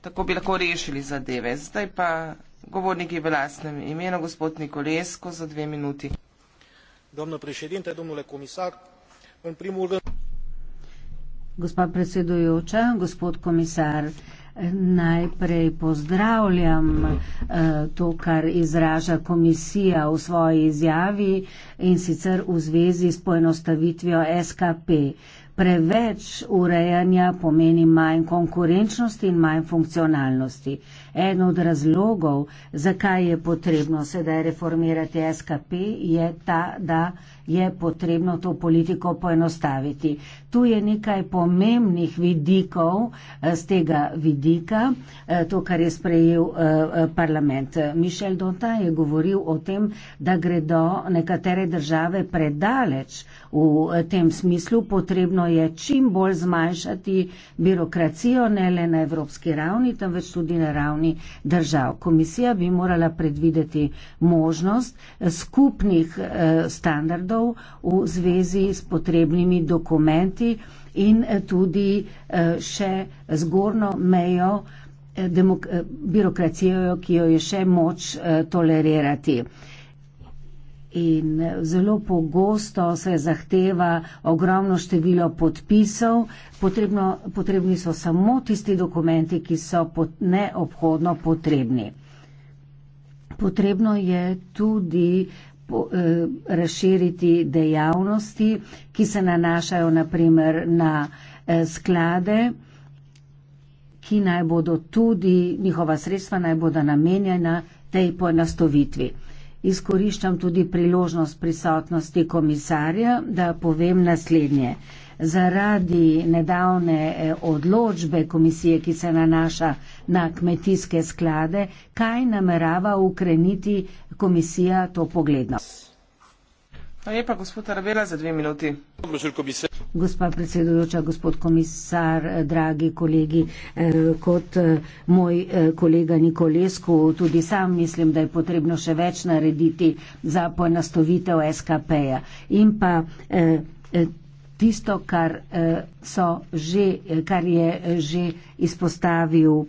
tako bi lahko rešili zadeve. Zdaj pa govorniki v lastnem imenu, gospod Nikolesko, za dve minuti. Domno prešedinte, domnule komisar, in primul rând... Gospa predsedujoča, gospod komisar, najprej pozdravljam eh, to, kar izraža komisija v svoji izjavi in sicer v zvezi s poenostavitvijo SKP. Preveč urejanja pomeni manj konkurenčnosti in manj funkcionalnosti. En od razlogov, zakaj je potrebno sedaj reformirati SKP, je ta, da je potrebno to politiko poenostaviti. Tu je nekaj pomembnih vidikov z eh, tega vidika, eh, to, kar je sprejel eh, parlament. Mišel Donta je govoril o tem, da gredo nekatere države predaleč v tem smislu. Potrebno je čim bolj zmanjšati birokracijo, ne le na evropski ravni, temveč tudi na ravni ravni držav. Komisija bi morala predvideti možnost eh, skupnih eh, standardov v zvezi s potrebnimi dokumenti in eh, tudi še zgornjo mejo birokracijo, ki jo je še moč tolerirati in zelo pogosto se zahteva ogromno število podpisov. Potrebno, potrebni so samo tisti dokumenti, ki so pot, neobhodno potrebni. Potrebno je tudi eh, razširiti dejavnosti, ki se nanašajo naprimer na eh, sklade, ki naj bodo tudi njihova sredstva naj bodo namenjena tej poenostovitvi izkoriščam tudi priložnost prisotnosti komisarja, da povem naslednje. Zaradi nedavne eh, odločbe komisije, ki se nanaša na kmetijske sklade, kaj namerava ukreniti komisija to pogledno? Hvala lepa, gospod Arvela, za dve minuti. Gospa predsedujoča, gospod komisar, dragi kolegi, eh, kot eh, moj eh, kolega Nikolesku, tudi sam mislim, da je potrebno še več narediti za poenostavitev SKP-ja. In pa tisto, kar, eh, so že, eh, kar je eh, že izpostavil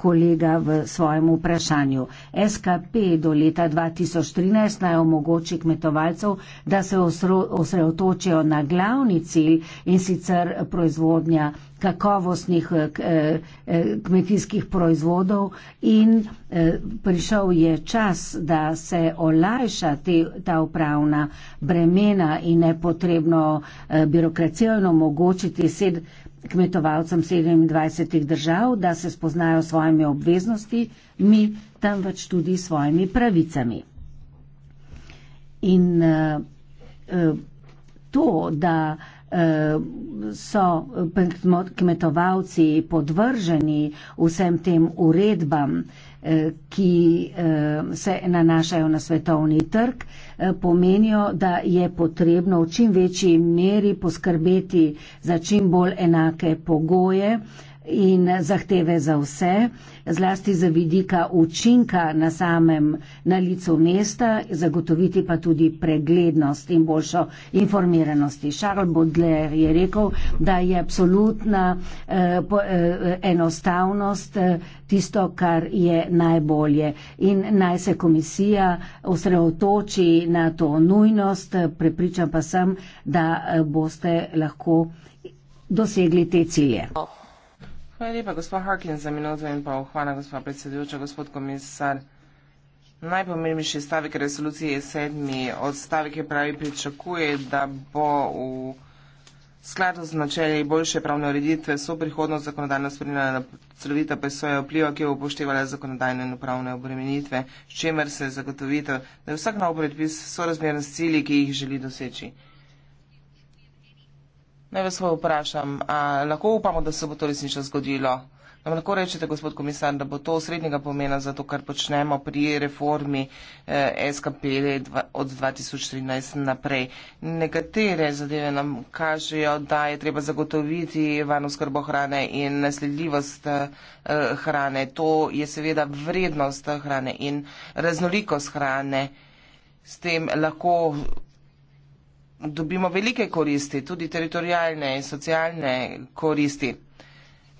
kolega v svojem vprašanju. SKP do leta 2013 naj omogoči kmetovalcev, da se osredotočijo na glavni cilj in sicer proizvodnja kakovostnih eh, eh, eh, kmetijskih proizvodov in prišel je čas, da se olajša te, ta upravna bremena in nepotrebno birokracijo in omogočiti sed, kmetovalcem 27 držav, da se spoznajo s svojimi obveznosti, mi tam več tudi s svojimi pravicami. In uh, to, da uh, Eh, so eh, kmetovalci podvrženi vsem tem uredbam, eh, ki se nanašajo na svetovni trg, pomenijo, da je potrebno v čim večji meri poskrbeti za čim bolj enake pogoje in zahteve za vse, zlasti za vidika učinka na samem na licu mesta, zagotoviti pa tudi preglednost in boljšo informiranost. Charles Baudelaire je rekel, da je absolutna eh, po, eh, enostavnost eh, tisto, kar je najbolje in naj se komisija osredotoči na to nujnost, prepričan pa sem, da eh, boste lahko dosegli te cilje. Oh. Hvala lepa, gospod Harklin, za minuto in pol. Hvala, gospod predsedujoča, gospod komisar. Najpomembnejši stavek resolucije je sedmi odstavek, ki pravi pričakuje, da bo v skladu z načeli boljše pravne ureditve so prihodnost zakonodajno spremljala na celovita presoja vpliva, ki bo upoštevala zakonodajne in upravne obremenitve, s čemer se zagotovitev, da je vsak nov predpis sorazmeren s cilji, ki jih želi doseči. Naj vas svoj vprašam, a lahko upamo, da se bo to resnično zgodilo? Nam lahko rečete, gospod komisar, da bo to srednjega pomena za to, kar počnemo pri reformi eh, SKP od 2013 naprej. Nekatere zadeve nam kažejo, da je treba zagotoviti varno skrbo hrane in nasledljivost eh, hrane. To je seveda vrednost hrane in raznolikost hrane. S tem lahko dobimo velike koristi, tudi teritorijalne in socialne koristi.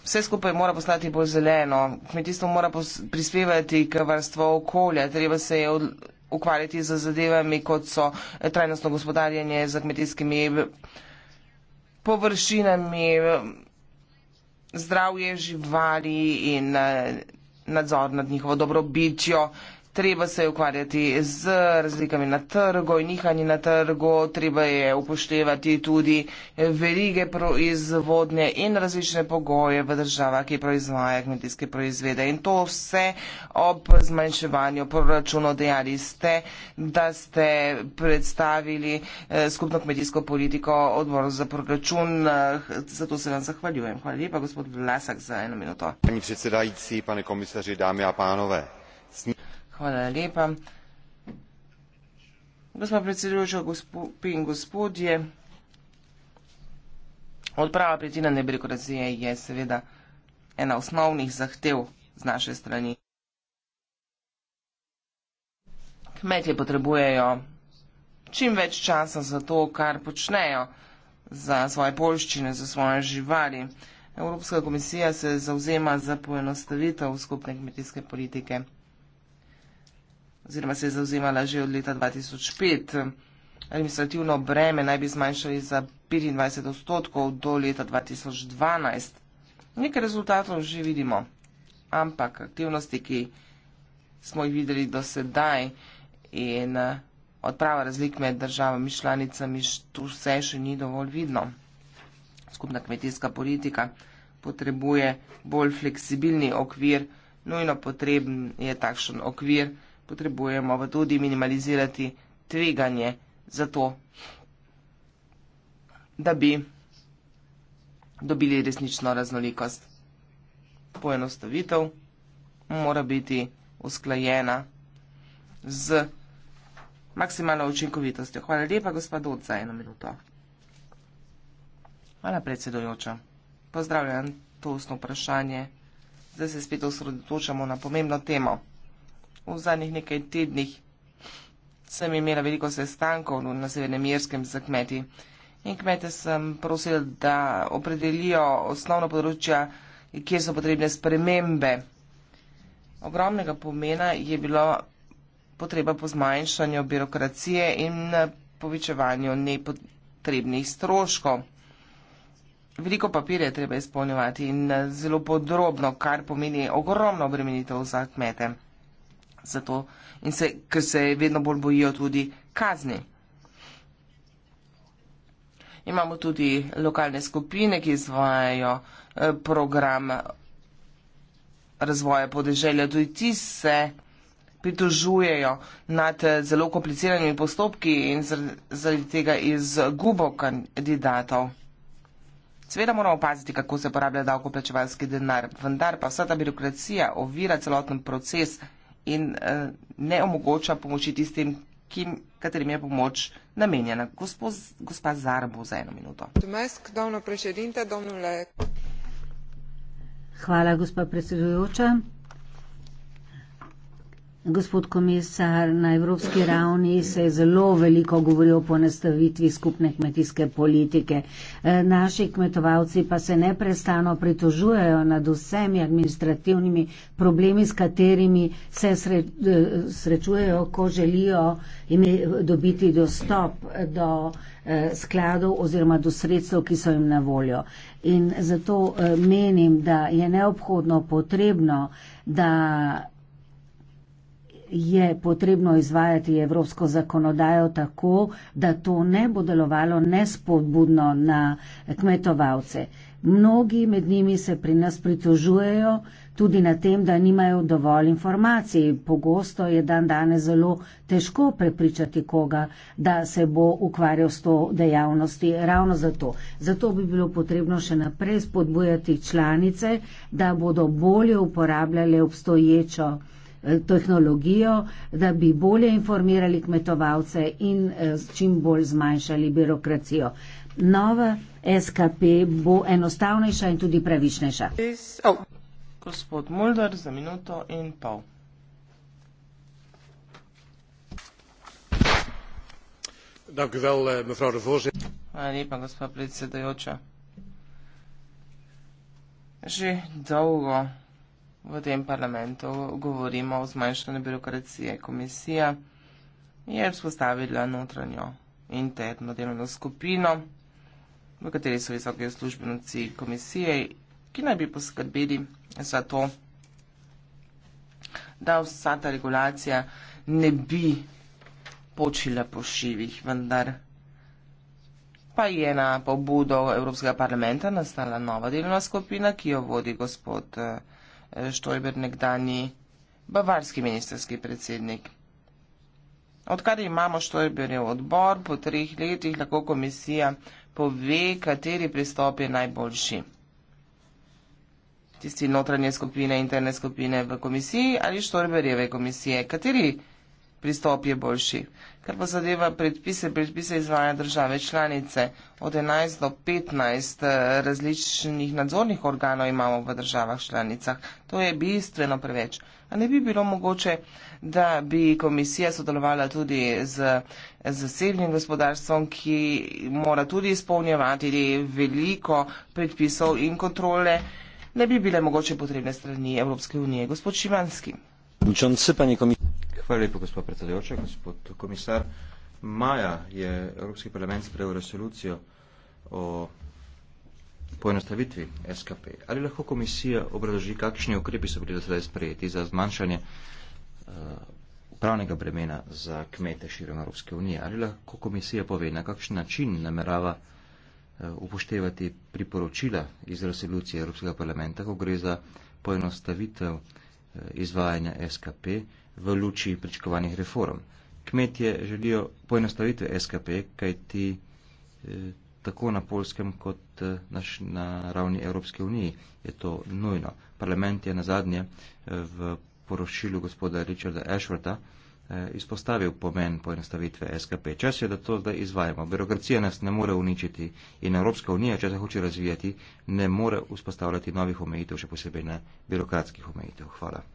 Vse skupaj mora postati bolj zeleno, kmetijstvo mora prispevati k varstvu okolja, treba se je ukvarjati z zadevami, kot so eh, trajnostno gospodarjanje z kmetijskimi površinami, zdravje živali in eh, nadzor nad njihovo dobrobitjo treba se je ukvarjati z razlikami na trgu in nihanji na trgu, treba je upoštevati tudi verige proizvodnje in različne pogoje v državah, ki proizvaja kmetijske proizvede. In to vse ob zmanjševanju proračuno dejali ste, da ste predstavili eh, skupno kmetijsko politiko odboru za proračun. Eh, zato se vam zahvaljujem. Hvala lepa, gospod Vlasak, za eno minuto. Pani predsedajci, pane komisarji, dame in gospodje. Hvala lepa. Gospod predsedujoča, gospod in gospodje, odprava pretirane birokracije je seveda ena osnovnih zahtev z naše strani. Kmetje potrebujejo čim več časa za to, kar počnejo, za svoje polščine, za svoje živali. Evropska komisija se zauzema za poenostavitev skupne kmetijske politike oziroma se je zauzemala že od leta 2005. Administrativno breme naj bi zmanjšali za 25 odstotkov do leta 2012. Nekaj rezultatov že vidimo, ampak aktivnosti, ki smo jih videli do sedaj in odprava razlik med državami članicami, tu vse še ni dovolj vidno. Skupna kmetijska politika potrebuje bolj fleksibilni okvir, nujno potreben je takšen okvir, potrebujemo pa tudi minimalizirati tveganje za to, da bi dobili resnično raznolikost. Poenostavitev mora biti usklajena z maksimalno učinkovitostjo. Hvala lepa, gospod Od, za eno minuto. Hvala, predsedojoča. Pozdravljam to ustno vprašanje. Zdaj se spet osredotočamo na pomembno temo v zadnjih nekaj tednih sem imela veliko sestankov na Severnem Jerskem z kmeti in kmete sem prosila, da opredelijo osnovno področja, kje so potrebne spremembe. Ogromnega pomena je bilo potreba po zmanjšanju birokracije in povečevanju nepotrebnih stroškov. Veliko papirja treba izpolnjevati in eh, zelo podrobno, kar pomeni ogromno obremenitev za kmete za to in se, ker se vedno bolj bojijo tudi kazni. Imamo tudi lokalne skupine, ki izvajajo eh, program razvoja podeželja. Tudi ti se pritožujejo nad eh, zelo kompliciranimi postopki in zaradi tega izgubo kandidatov. Seveda moramo paziti, kako se porablja davkoplačevalski denar, vendar pa vsa ta birokracija ovira celoten proces in uh, ne omogoča pomoči tistim, kim, katerim je pomoč namenjena. Gospod, gospa Zarbo, za eno minuto. Hvala, gospa predsedujoča. Gospod komisar, na evropski ravni se je zelo veliko govoril o ponestavitvi skupne kmetijske politike. E, naši kmetovalci pa se neprestano pritožujejo nad vsemi administrativnimi problemi, s katerimi se sre, e, srečujejo, ko želijo imeti, dobiti dostop do e, skladov oziroma do sredstev, ki so jim na voljo. In zato menim, da je neobhodno potrebno, da je potrebno izvajati evropsko zakonodajo tako, da to ne bo delovalo nespodbudno na kmetovalce. Mnogi med njimi se pri nas pritožujejo tudi na tem, da nimajo dovolj informacij. Pogosto je dan danes zelo težko prepričati koga, da se bo ukvarjal s to dejavnosti ravno zato. Zato bi bilo potrebno še naprej spodbujati članice, da bodo bolje uporabljale obstoječo tehnologijo, da bi bolje informirali kmetovalce in eh, čim bolj zmanjšali birokracijo. Nova SKP bo enostavnejša in tudi pravičnejša. Oh. Gospod Mulder, za minuto in pol. Eh, Hvala lepa, gospod predsedajoča. Že dolgo v tem parlamentu govorimo o zmanjšanju birokracije. Komisija je vzpostavila notranjo interno delovno skupino, v kateri so visoki službenci komisije, ki naj bi poskrbeli za to, da vsa ta regulacija ne bi počila po šivih, vendar pa je na pobudo Evropskega parlamenta nastala nova delovna skupina, ki jo vodi gospod eh, Štojber, nekdani bavarski ministerski predsednik. Odkar imamo Štojberjev odbor, po treh letih lahko komisija pove, kateri pristop je najboljši. Tisti notranje skupine, interne skupine v komisiji ali Štojberjeve komisije, kateri pristop pristop je boljši. Kar pa zadeva predpise, predpise izvaja države članice. Od 11 do 15 eh, različnih nadzornih organov imamo v državah članicah. To je bistveno preveč. A ne bi bilo mogoče, da bi komisija sodelovala tudi z zasebnim gospodarstvom, ki mora tudi izpolnjevati veliko predpisov in kontrole, ne bi bile mogoče potrebne strani Evropske unije. Gospod Šivanski. Učenci, pani komisija. Hvala lepo, gospod predsedujoča, gospod komisar. Maja je Evropski parlament sprejel resolucijo o poenostavitvi SKP. Ali lahko komisija obraži, kakšni ukrepi so bili do sedaj sprejeti za zmanjšanje uh, eh, upravnega bremena za kmete širom Evropske unije? Ali lahko komisija pove, na kakšen način namerava uh, upoštevati priporočila iz resolucije Evropskega parlamenta, ko gre za poenostavitev uh, izvajanja SKP? v luči pričakovanih reform. Kmetje želijo poenostavitve SKP, kaj ti eh, tako na polskem kot eh, naš na ravni Evropske unije. Je to nujno. Parlament je na zadnje eh, v poročilu gospoda Richarda Ashworta izpostavil pomen poenostavitve SKP. Čas je, da to zdaj izvajamo. Birokracija nas ne more uničiti in Evropska unija, če se hoče razvijati, ne more vzpostavljati novih omejitev, še posebej na birokratskih omejitev. Hvala.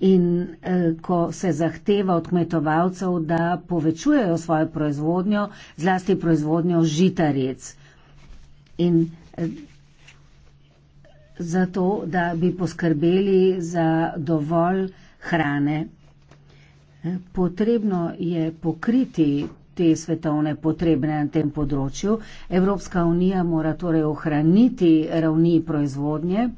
In eh, ko se zahteva od kmetovalcev, da povečujejo svojo proizvodnjo, zlasti proizvodnjo žitaric. In eh, zato, da bi poskrbeli za dovolj hrane, eh, potrebno je pokriti te svetovne potrebne na tem področju. Evropska unija mora torej ohraniti ravni proizvodnje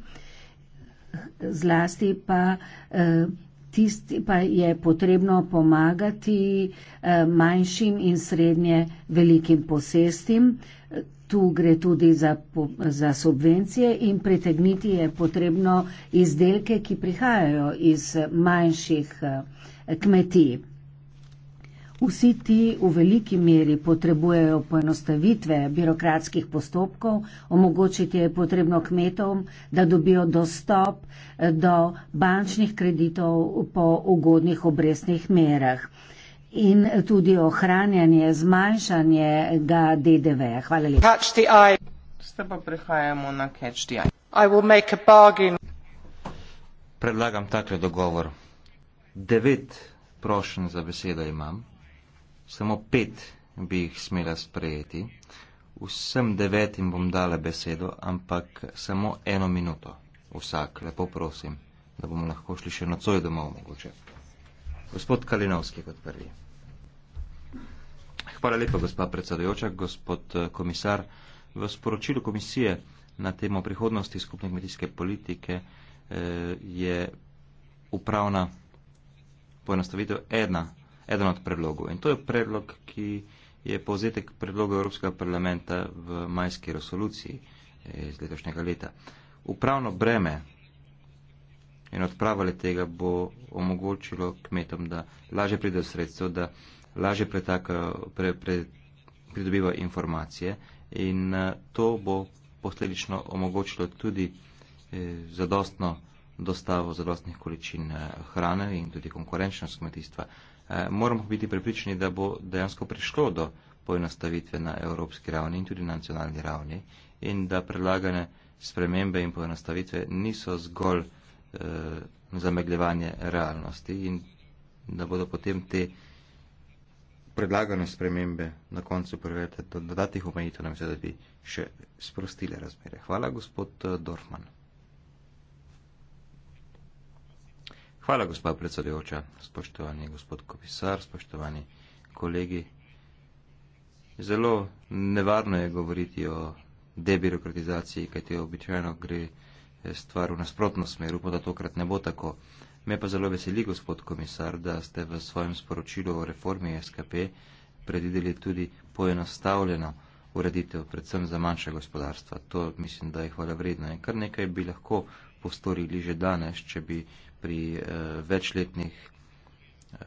zlasti pa eh, tisti pa je potrebno pomagati eh, manjšim in srednje velikim posestim. Tu gre tudi za, za subvencije in pritegniti je potrebno izdelke, ki prihajajo iz manjših eh, kmetij. Vsi ti v veliki meri potrebujejo poenostavitve birokratskih postopkov, omogočiti je potrebno kmetom, da dobijo dostop eh, do bančnih kreditov po ugodnih obrestnih merah in tudi ohranjanje, zmanjšanje ga DDV. -ja. Hvala lepa. Zdaj pa prehajamo na catch the eye. Predlagam takle dogovor. Devet prošen za besedo imam samo pet bi jih smela sprejeti, vsem devetim bom dala besedo, ampak samo eno minuto. Vsak, lepo prosim, da bomo lahko šli še nocoj domov, mogoče. Gospod Kalinovski kot prvi. Hvala lepa, gospa predsedojoča, gospod eh, komisar. V sporočilu komisije na temo prihodnosti skupne kmetijske politike eh, je upravna poenostavitev ena eden od predlogov. In to je predlog, ki je povzetek predloga Evropskega parlamenta v majski resoluciji eh, iz letošnjega leta. Upravno breme in odpravljanje tega bo omogočilo kmetom, da lažje pridejo sredstvo, da lažje pretakajo, pre, pre, pridobivajo informacije in eh, to bo posledično omogočilo tudi eh, zadostno dostavo zadostnih količin eh, hrane in tudi konkurenčnost kmetijstva. Eh, Eh, moramo biti prepričani, da bo dejansko prišlo do poenostavitve na evropski ravni in tudi na nacionalni ravni in da predlagane spremembe in poenostavitve niso zgolj eh, zamegljevanje realnosti in da bodo potem te predlagane spremembe na koncu prevedete do dodatnih omejitev, namesto da bi še sprostile razmere. Hvala, gospod eh, Dorfman. Hvala, gospod predsedujoča, spoštovani gospod komisar, spoštovani kolegi. Zelo nevarno je govoriti o debirokratizaciji, kajti običajno gre eh, stvar v nasprotno smer, upam, da tokrat ne bo tako. Me pa zelo veseli, gospod komisar, da ste v svojem sporočilu o reformi SKP predideli tudi poenostavljeno ureditev, predvsem za manjše gospodarstva. To mislim, da je hvala vredno. In kar nekaj bi lahko postorili že danes, če bi pri uh, večletnih uh,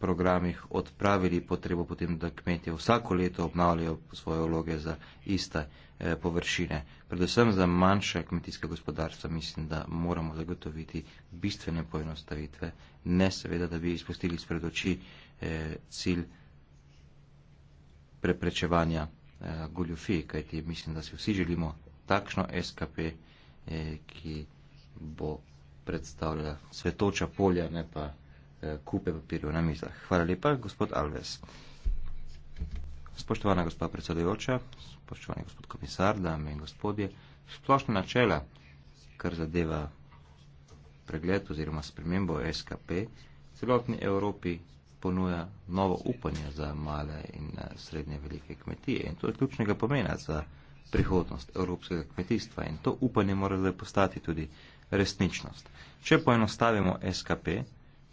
programih odpravili potrebo potem, da kmetje vsako leto obnavljajo svoje vloge za iste uh, površine. Predvsem za manjše kmetijske gospodarstva mislim, da moramo zagotoviti bistvene poenostavitve, ne seveda, da bi izpustili spred oči uh, cilj preprečevanja uh, goljofije, kajti mislim, da si vsi želimo takšno SKP, uh, ki bo predstavljala svetoča polja, ne pa eh, kupe papirjev na mizah. Hvala lepa, gospod Alves. Spoštovana gospa predsedujoča, spoštovani gospod komisar, dame in gospodje, splošna načela, kar zadeva pregled oziroma spremembo SKP, celotni Evropi ponuja novo upanje za male in eh, srednje velike kmetije. In to je ključnega pomena za prihodnost evropskega kmetijstva. In to upanje mora zdaj postati tudi resničnost. Če poenostavimo SKP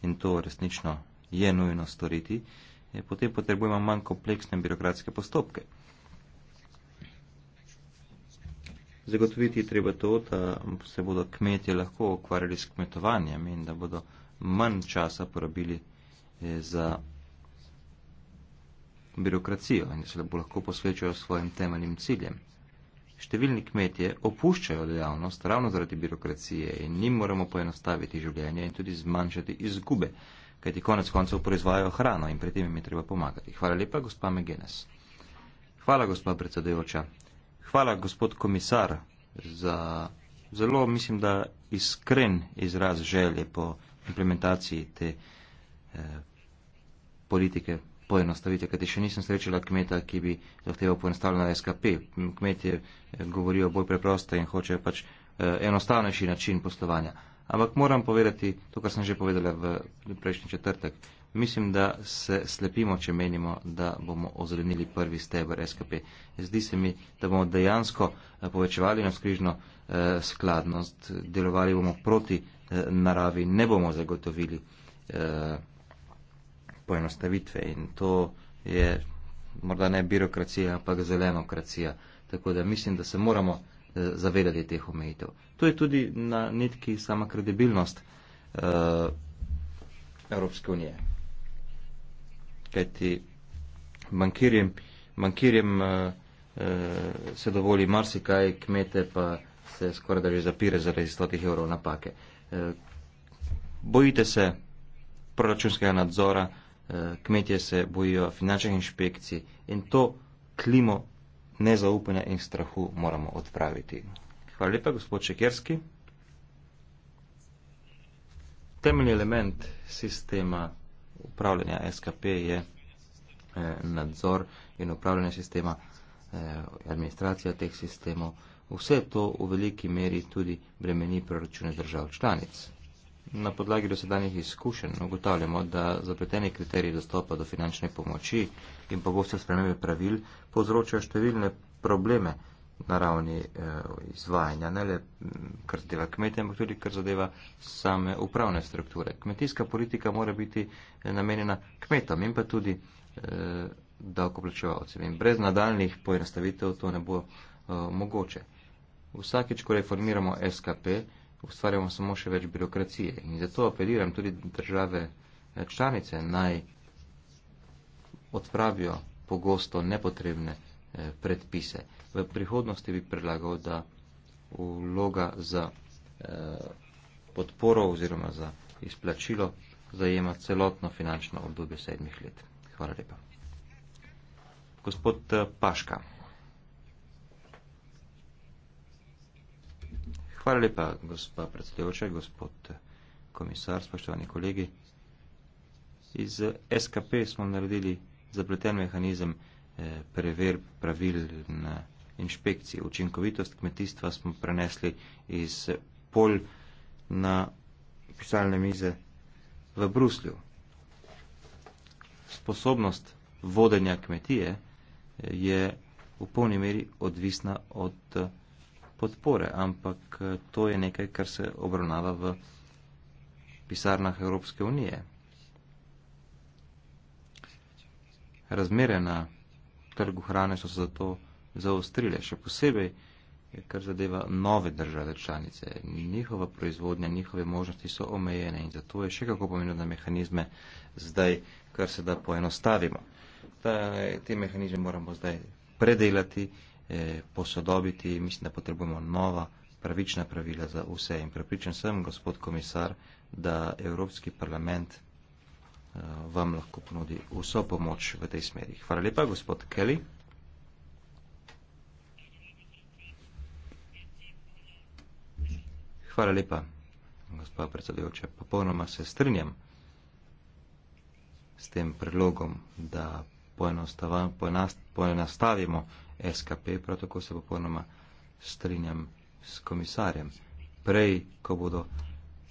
in to resnično je nujno storiti, eh, potem potrebujemo manj kompleksne birokratske postopke. Zagotoviti treba to, da se bodo kmetje lahko ukvarjali s kmetovanjem in da bodo manj časa porabili eh, za birokracijo in da se bo lahko posvečajo svojim temeljnim ciljem. Številni kmetje opuščajo dejavnost ravno zaradi birokracije in njim moramo poenostaviti življenje in tudi zmanjšati izgube, kajti konec koncev proizvajajo hrano in pri tem jim je treba pomagati. Hvala lepa, gospa Megenes. Hvala, gospa predsedujoča. Hvala, gospod komisar, za zelo, mislim, da iskren izraz želje po implementaciji te eh, politike poenostavitev, kajti še nisem srečala kmeta, ki bi zahteval poenostavljeno SKP. Kmetje eh, govorijo bolj preprosto in hočejo pač eh, enostavnejši način poslovanja. Ampak moram povedati to, kar sem že povedala v prejšnji četrtek. Mislim, da se slepimo, če menimo, da bomo ozelenili prvi stebr SKP. Zdi se mi, da bomo dejansko eh, povečevali naskrižno eh, skladnost, delovali bomo proti eh, naravi, ne bomo zagotovili. Eh, poenostavitve in to je morda ne birokracija, ampak zelenokracija. Tako da mislim, da se moramo eh, zavedati teh omejitev. To je tudi na netki sama kredibilnost uh, Evropske unije. Kajti bankirjem, bankirjem uh, uh, se dovoli marsikaj, kmete pa se skoraj da že zapire zaradi stotih evrov napake. Uh, bojite se proračunskega nadzora, uh, kmetje se bojijo finančnih inšpekcij in to klimo nezaupanja in strahu moramo odpraviti. Hvala lepa, gospod Čekerski. Temeljni element sistema upravljanja SKP je eh, nadzor in upravljanje sistema, eh, administracija teh sistemov. Vse to v veliki meri tudi bremeni proračune držav članic. Na podlagi dosedanjih izkušenj ugotavljamo, da zapleteni kriteriji dostopa do finančne pomoči in pogoste spremembe pravil povzročajo številne probleme na ravni eh, izvajanja, ne le mm, kar zadeva kmete, ampak tudi kar zadeva same upravne strukture. Kmetijska politika mora biti eh, namenjena kmetom in pa tudi eh, davkoplačevalcem. In brez nadaljnih poenostavitev to ne bo eh, mogoče. Vsakeč, ko reformiramo SKP, eh, ustvarjamo samo še več birokracije. In zato apeliram tudi države eh, članice naj odpravijo pogosto nepotrebne eh, predpise. V prihodnosti bi predlagal, da vloga za eh, podporo oziroma za izplačilo zajema celotno finančno obdobje sedmih let. Hvala lepa. Gospod Paška. Hvala lepa, gospa predsedujoča, gospod komisar, spoštovani kolegi. Iz SKP smo naredili zapleten mehanizem eh, preverb pravil na inšpekciji. Učinkovitost kmetijstva smo prenesli iz pol na pisalne mize v Bruslju. Sposobnost vodenja kmetije eh, je v polni meri odvisna od kmetije eh, podpore, ampak eh, to je nekaj, kar se obravnava v pisarnah Evropske unije. Razmere na trgu hrane so se zato zaostrile, še posebej, eh, kar zadeva nove države članice. Njihova proizvodnja, njihove možnosti so omejene in zato je še kako pomembno, da mehanizme zdaj, kar se da poenostavimo. Ta, te mehanizme moramo zdaj predelati. Eh, posodobiti, mislim, da potrebujemo nova pravična pravila za vse. In prepričan sem, gospod komisar, da Evropski parlament eh, vam lahko ponudi vso pomoč v tej smeri. Hvala lepa, gospod Kelly. Hvala lepa, gospod predsedujoče. Popolnoma se strinjam s tem predlogom, da poenostavimo SKP, prav tako se popolnoma strinjam s komisarjem. Prej, ko bodo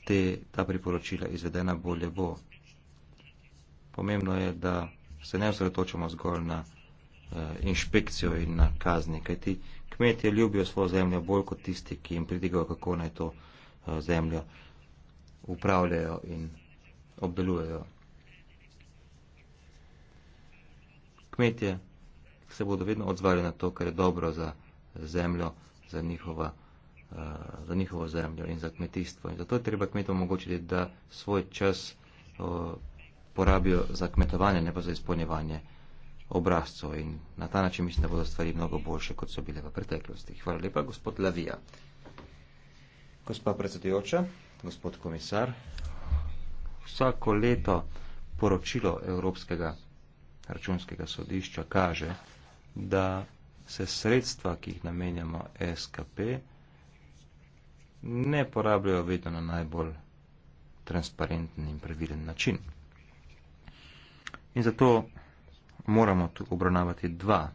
te, ta priporočila izvedena, bolje bo. Pomembno je, da se ne osredotočamo zgolj na eh, inšpekcijo in na kazni, kajti kmetje ljubijo svojo zemljo bolj kot tisti, ki jim pridigajo, kako naj to eh, zemljo upravljajo in obdelujejo. kmetje se bodo vedno odzvali na to, kar je dobro za zemljo, za, njihova, eh, za njihovo zemljo in za kmetijstvo. In zato je treba kmetom omogočiti, da svoj čas eh, porabijo za kmetovanje, ne pa za izpolnjevanje obrazcov. In na ta način mislim, da bodo stvari mnogo boljše, kot so bile v preteklosti. Hvala lepa, gospod Lavija. Gospa predsedujoča, gospod komisar, vsako leto poročilo Evropskega računskega sodišča kaže, da se sredstva, ki jih namenjamo SKP, ne porabljajo vedno na najbolj transparenten in previden način. In zato moramo tu obravnavati dva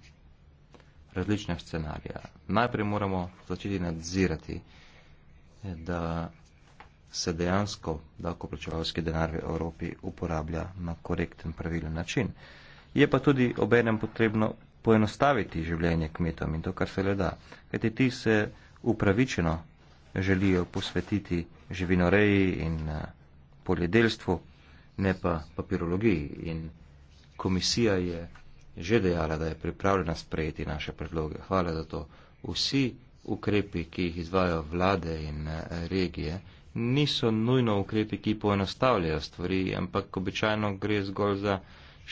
različna scenarija. Najprej moramo začeti nadzirati, da se dejansko davkoplačevalski denar v Evropi uporablja na korekten, pravilen način. Je pa tudi obenem potrebno poenostaviti življenje kmetom in to, kar se le da. Kajti ti se upravičeno želijo posvetiti živinoreji in eh, poljedelstvu, ne pa papirologiji. In komisija je že dejala, da je pripravljena sprejeti naše predloge. Hvala za to. Vsi ukrepi, ki jih izvajo vlade in eh, regije, niso nujno ukrepi, ki poenostavljajo stvari, ampak običajno gre zgolj za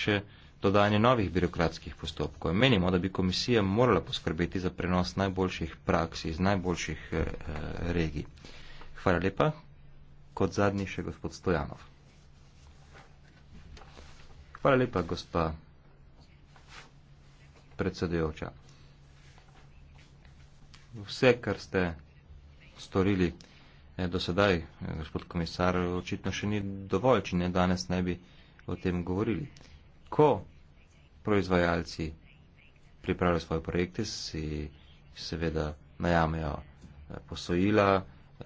še dodajanje novih birokratskih postopkov. Menimo, da bi komisija morala poskrbeti za prenos najboljših praks iz najboljših eh, eh, regij. Hvala lepa. Kot zadnji še gospod Stojanov. Hvala lepa, gospa predsedujoča. Vse, kar ste storili eh, do sedaj, eh, gospod komisar, očitno še ni dovolj, če ne danes ne bi o tem govorili. Ko proizvajalci pripravljajo svoje projekte, si seveda najamejo eh, posojila, eh,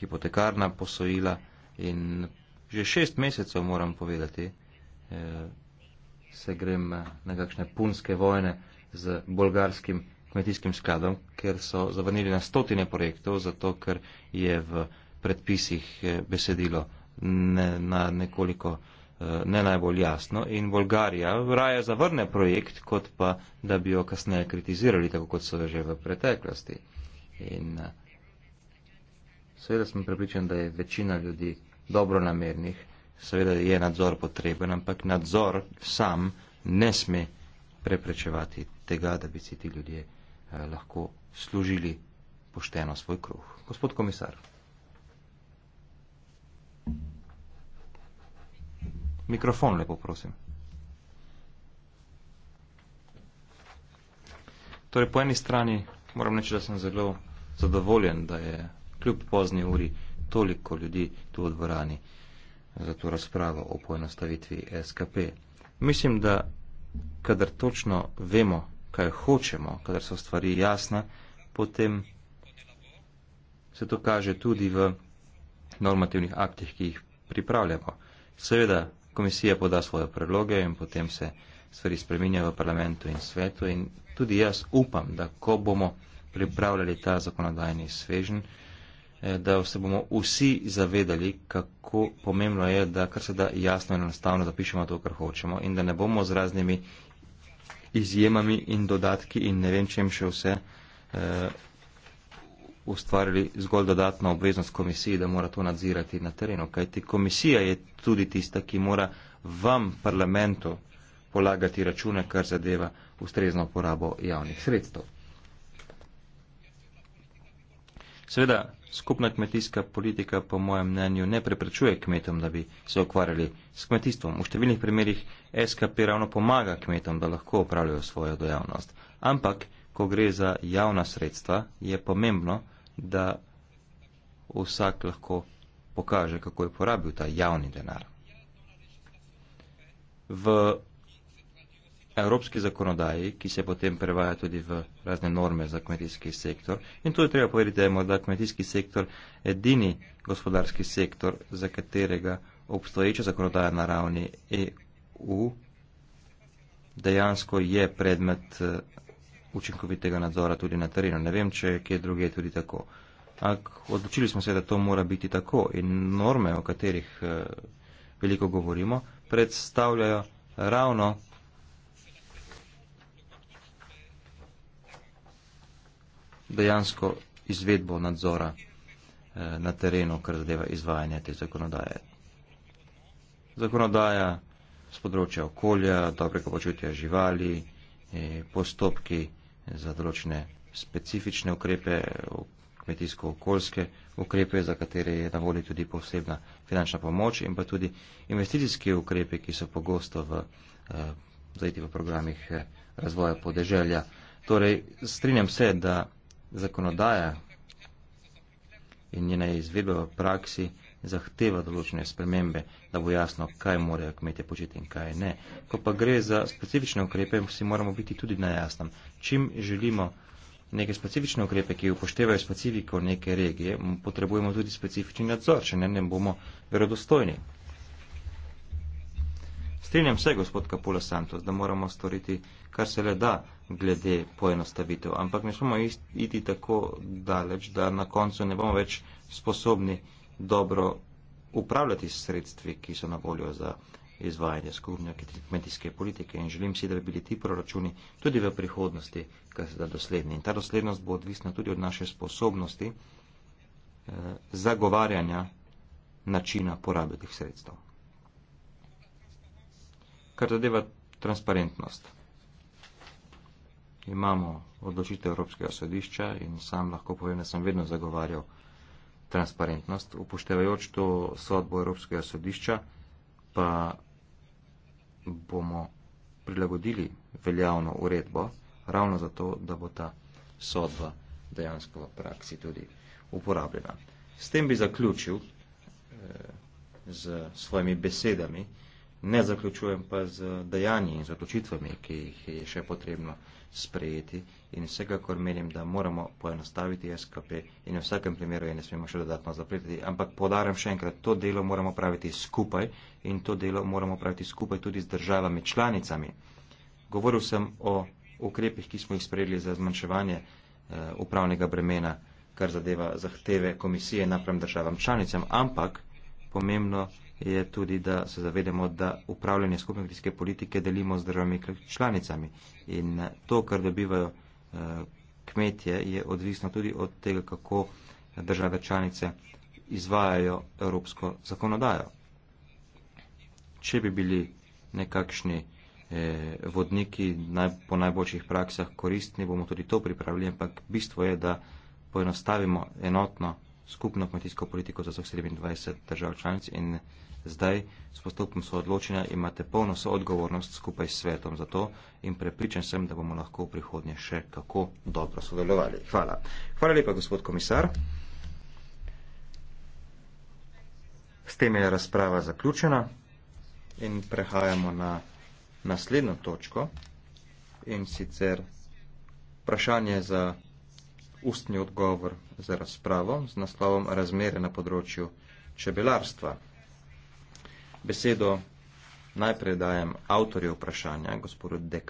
hipotekarna posojila in že šest mesecev moram povedati, eh, se grem na kakšne punske vojne z bolgarskim kmetijskim skladom, ker so zavrnili na stotine projektov, zato ker je v predpisih eh, besedilo ne, na nekoliko eh, Eh, ne najbolj jasno in Bolgarija raje zavrne projekt, kot pa da bi jo kasneje kritizirali, tako kot so jo že v preteklosti. In eh, seveda sem prepričan, da je večina ljudi dobro namernih, seveda je nadzor potreben, ampak nadzor sam ne sme preprečevati tega, da bi si ti ljudje eh, lahko služili pošteno svoj kruh. Gospod komisar. Mikrofon, lepo prosim. Torej, po eni strani moram reči, da sem zelo zadovoljen, da je kljub pozni uri toliko ljudi tu v dvorani za to razpravo o poenostavitvi SKP. Mislim, da kadar točno vemo, kaj hočemo, kadar so stvari jasne, potem se to kaže tudi v normativnih aktih, ki jih pripravljamo. Seveda, komisija poda svoje predloge in potem se stvari spreminjajo v parlamentu in svetu. In tudi jaz upam, da ko bomo pripravljali ta zakonodajni svežen, eh, da se bomo vsi zavedali, kako pomembno je, da kar se da jasno in enostavno zapišemo to, kar hočemo in da ne bomo z raznimi izjemami in dodatki in ne vem čem še vse eh, ustvarili zgolj dodatno obveznost komisiji, da mora to nadzirati na terenu. Kajti komisija je tudi tista, ki mora vam, parlamentu, polagati račune, kar zadeva ustrezno uporabo javnih sredstev. Seveda, skupna kmetijska politika po mojem mnenju ne preprečuje kmetom, da bi se ukvarjali s kmetijstvom. V številnih primerjih SKP ravno pomaga kmetom, da lahko upravljajo svojo dejavnost. Ampak, ko gre za javna sredstva, je pomembno, da vsak lahko pokaže, kako je porabil ta javni denar. V evropski zakonodaji, ki se potem prevaja tudi v razne norme za kmetijski sektor, in tu je treba povedati, da je morda kmetijski sektor edini gospodarski sektor, za katerega obstoječa zakonodaja na ravni EU dejansko je predmet eh, učinkovitega nadzora tudi na terenu. Ne vem, če je kje druge tudi tako. Ak, odločili smo se, da to mora biti tako in norme, o katerih e, veliko govorimo, predstavljajo ravno dejansko izvedbo nadzora e, na terenu, kar zadeva izvajanje te zakonodaje. Zakonodaja z področja okolja, dobrega počutja živali, Eh, postopki za določene specifične ukrepe, kmetijsko-okoljske ukrepe, za katere je na voli tudi posebna finančna pomoč in pa tudi investicijske ukrepe, ki so pogosto v, eh, zajeti v programih eh, razvoja podeželja. Torej, strinjam se, da zakonodaja in njena izvedba v praksi eh, zahteva določene spremembe, da bo jasno, kaj morajo kmetje početi in kaj ne. Ko pa gre za specifične ukrepe, si moramo biti tudi na jasnem. Čim želimo neke specifične ukrepe, ki upoštevajo specifiko neke regije, potrebujemo tudi specifični nadzor, če ne, ne bomo verodostojni. Strinjam se, gospod Kapula Santos, da moramo storiti, kar se le da, glede poenostavitev, ampak ne smemo iti tako daleč, da na koncu ne bomo več sposobni dobro upravljati s sredstvi, ki so na voljo za izvajanje skupne kmetijske politike in želim si, da bi bili ti proračuni tudi v prihodnosti, kar se da dosledni. In ta doslednost bo odvisna tudi od naše sposobnosti eh, zagovarjanja načina porabe teh sredstev. Kar zadeva transparentnost. Imamo odločitev Evropskega sodišča in sam lahko povem, da sem vedno zagovarjal transparentnost, upoštevajoč to sodbo Evropskega sodišča, pa bomo prilagodili veljavno uredbo ravno zato, da bo ta sodba dejansko v praksi tudi uporabljena. S tem bi zaključil eh, z svojimi besedami ne zaključujem pa z dejanji in z otočitvami, ki jih je še potrebno sprejeti in vsekakor menim, da moramo poenostaviti SKP in v vsakem primeru je ne smemo še dodatno zapreti. Ampak podarjam še enkrat, to delo moramo praviti skupaj in to delo moramo praviti skupaj tudi z državami članicami. Govoril sem o ukrepih, ki smo jih sprejeli za zmanjševanje eh, upravnega bremena, kar zadeva zahteve komisije napram državam članicam, ampak pomembno je tudi, da se zavedamo, da upravljanje skupne kmetijske politike delimo z državami članicami. In eh, to, kar dobivajo eh, kmetje, je odvisno tudi od tega, kako eh, države članice izvajajo evropsko zakonodajo. Če bi bili nekakšni eh, vodniki naj, po najboljših praksah koristni, bomo tudi to pripravili, ampak bistvo je, da poenostavimo enotno skupno kmetijsko politiko za vseh 27 držav članic in zdaj s postopkom soodločenja imate polno soodgovornost skupaj s svetom za to in prepričan sem, da bomo lahko v prihodnje še kako dobro sodelovali. Hvala. Hvala lepa, gospod komisar. S tem je razprava zaključena in prehajamo na naslednjo točko in sicer vprašanje za ustni odgovor za razpravo z naslovom Razmere na področju čebelarstva. Besedo najprej dajem avtorju vprašanja, gospodu D.K.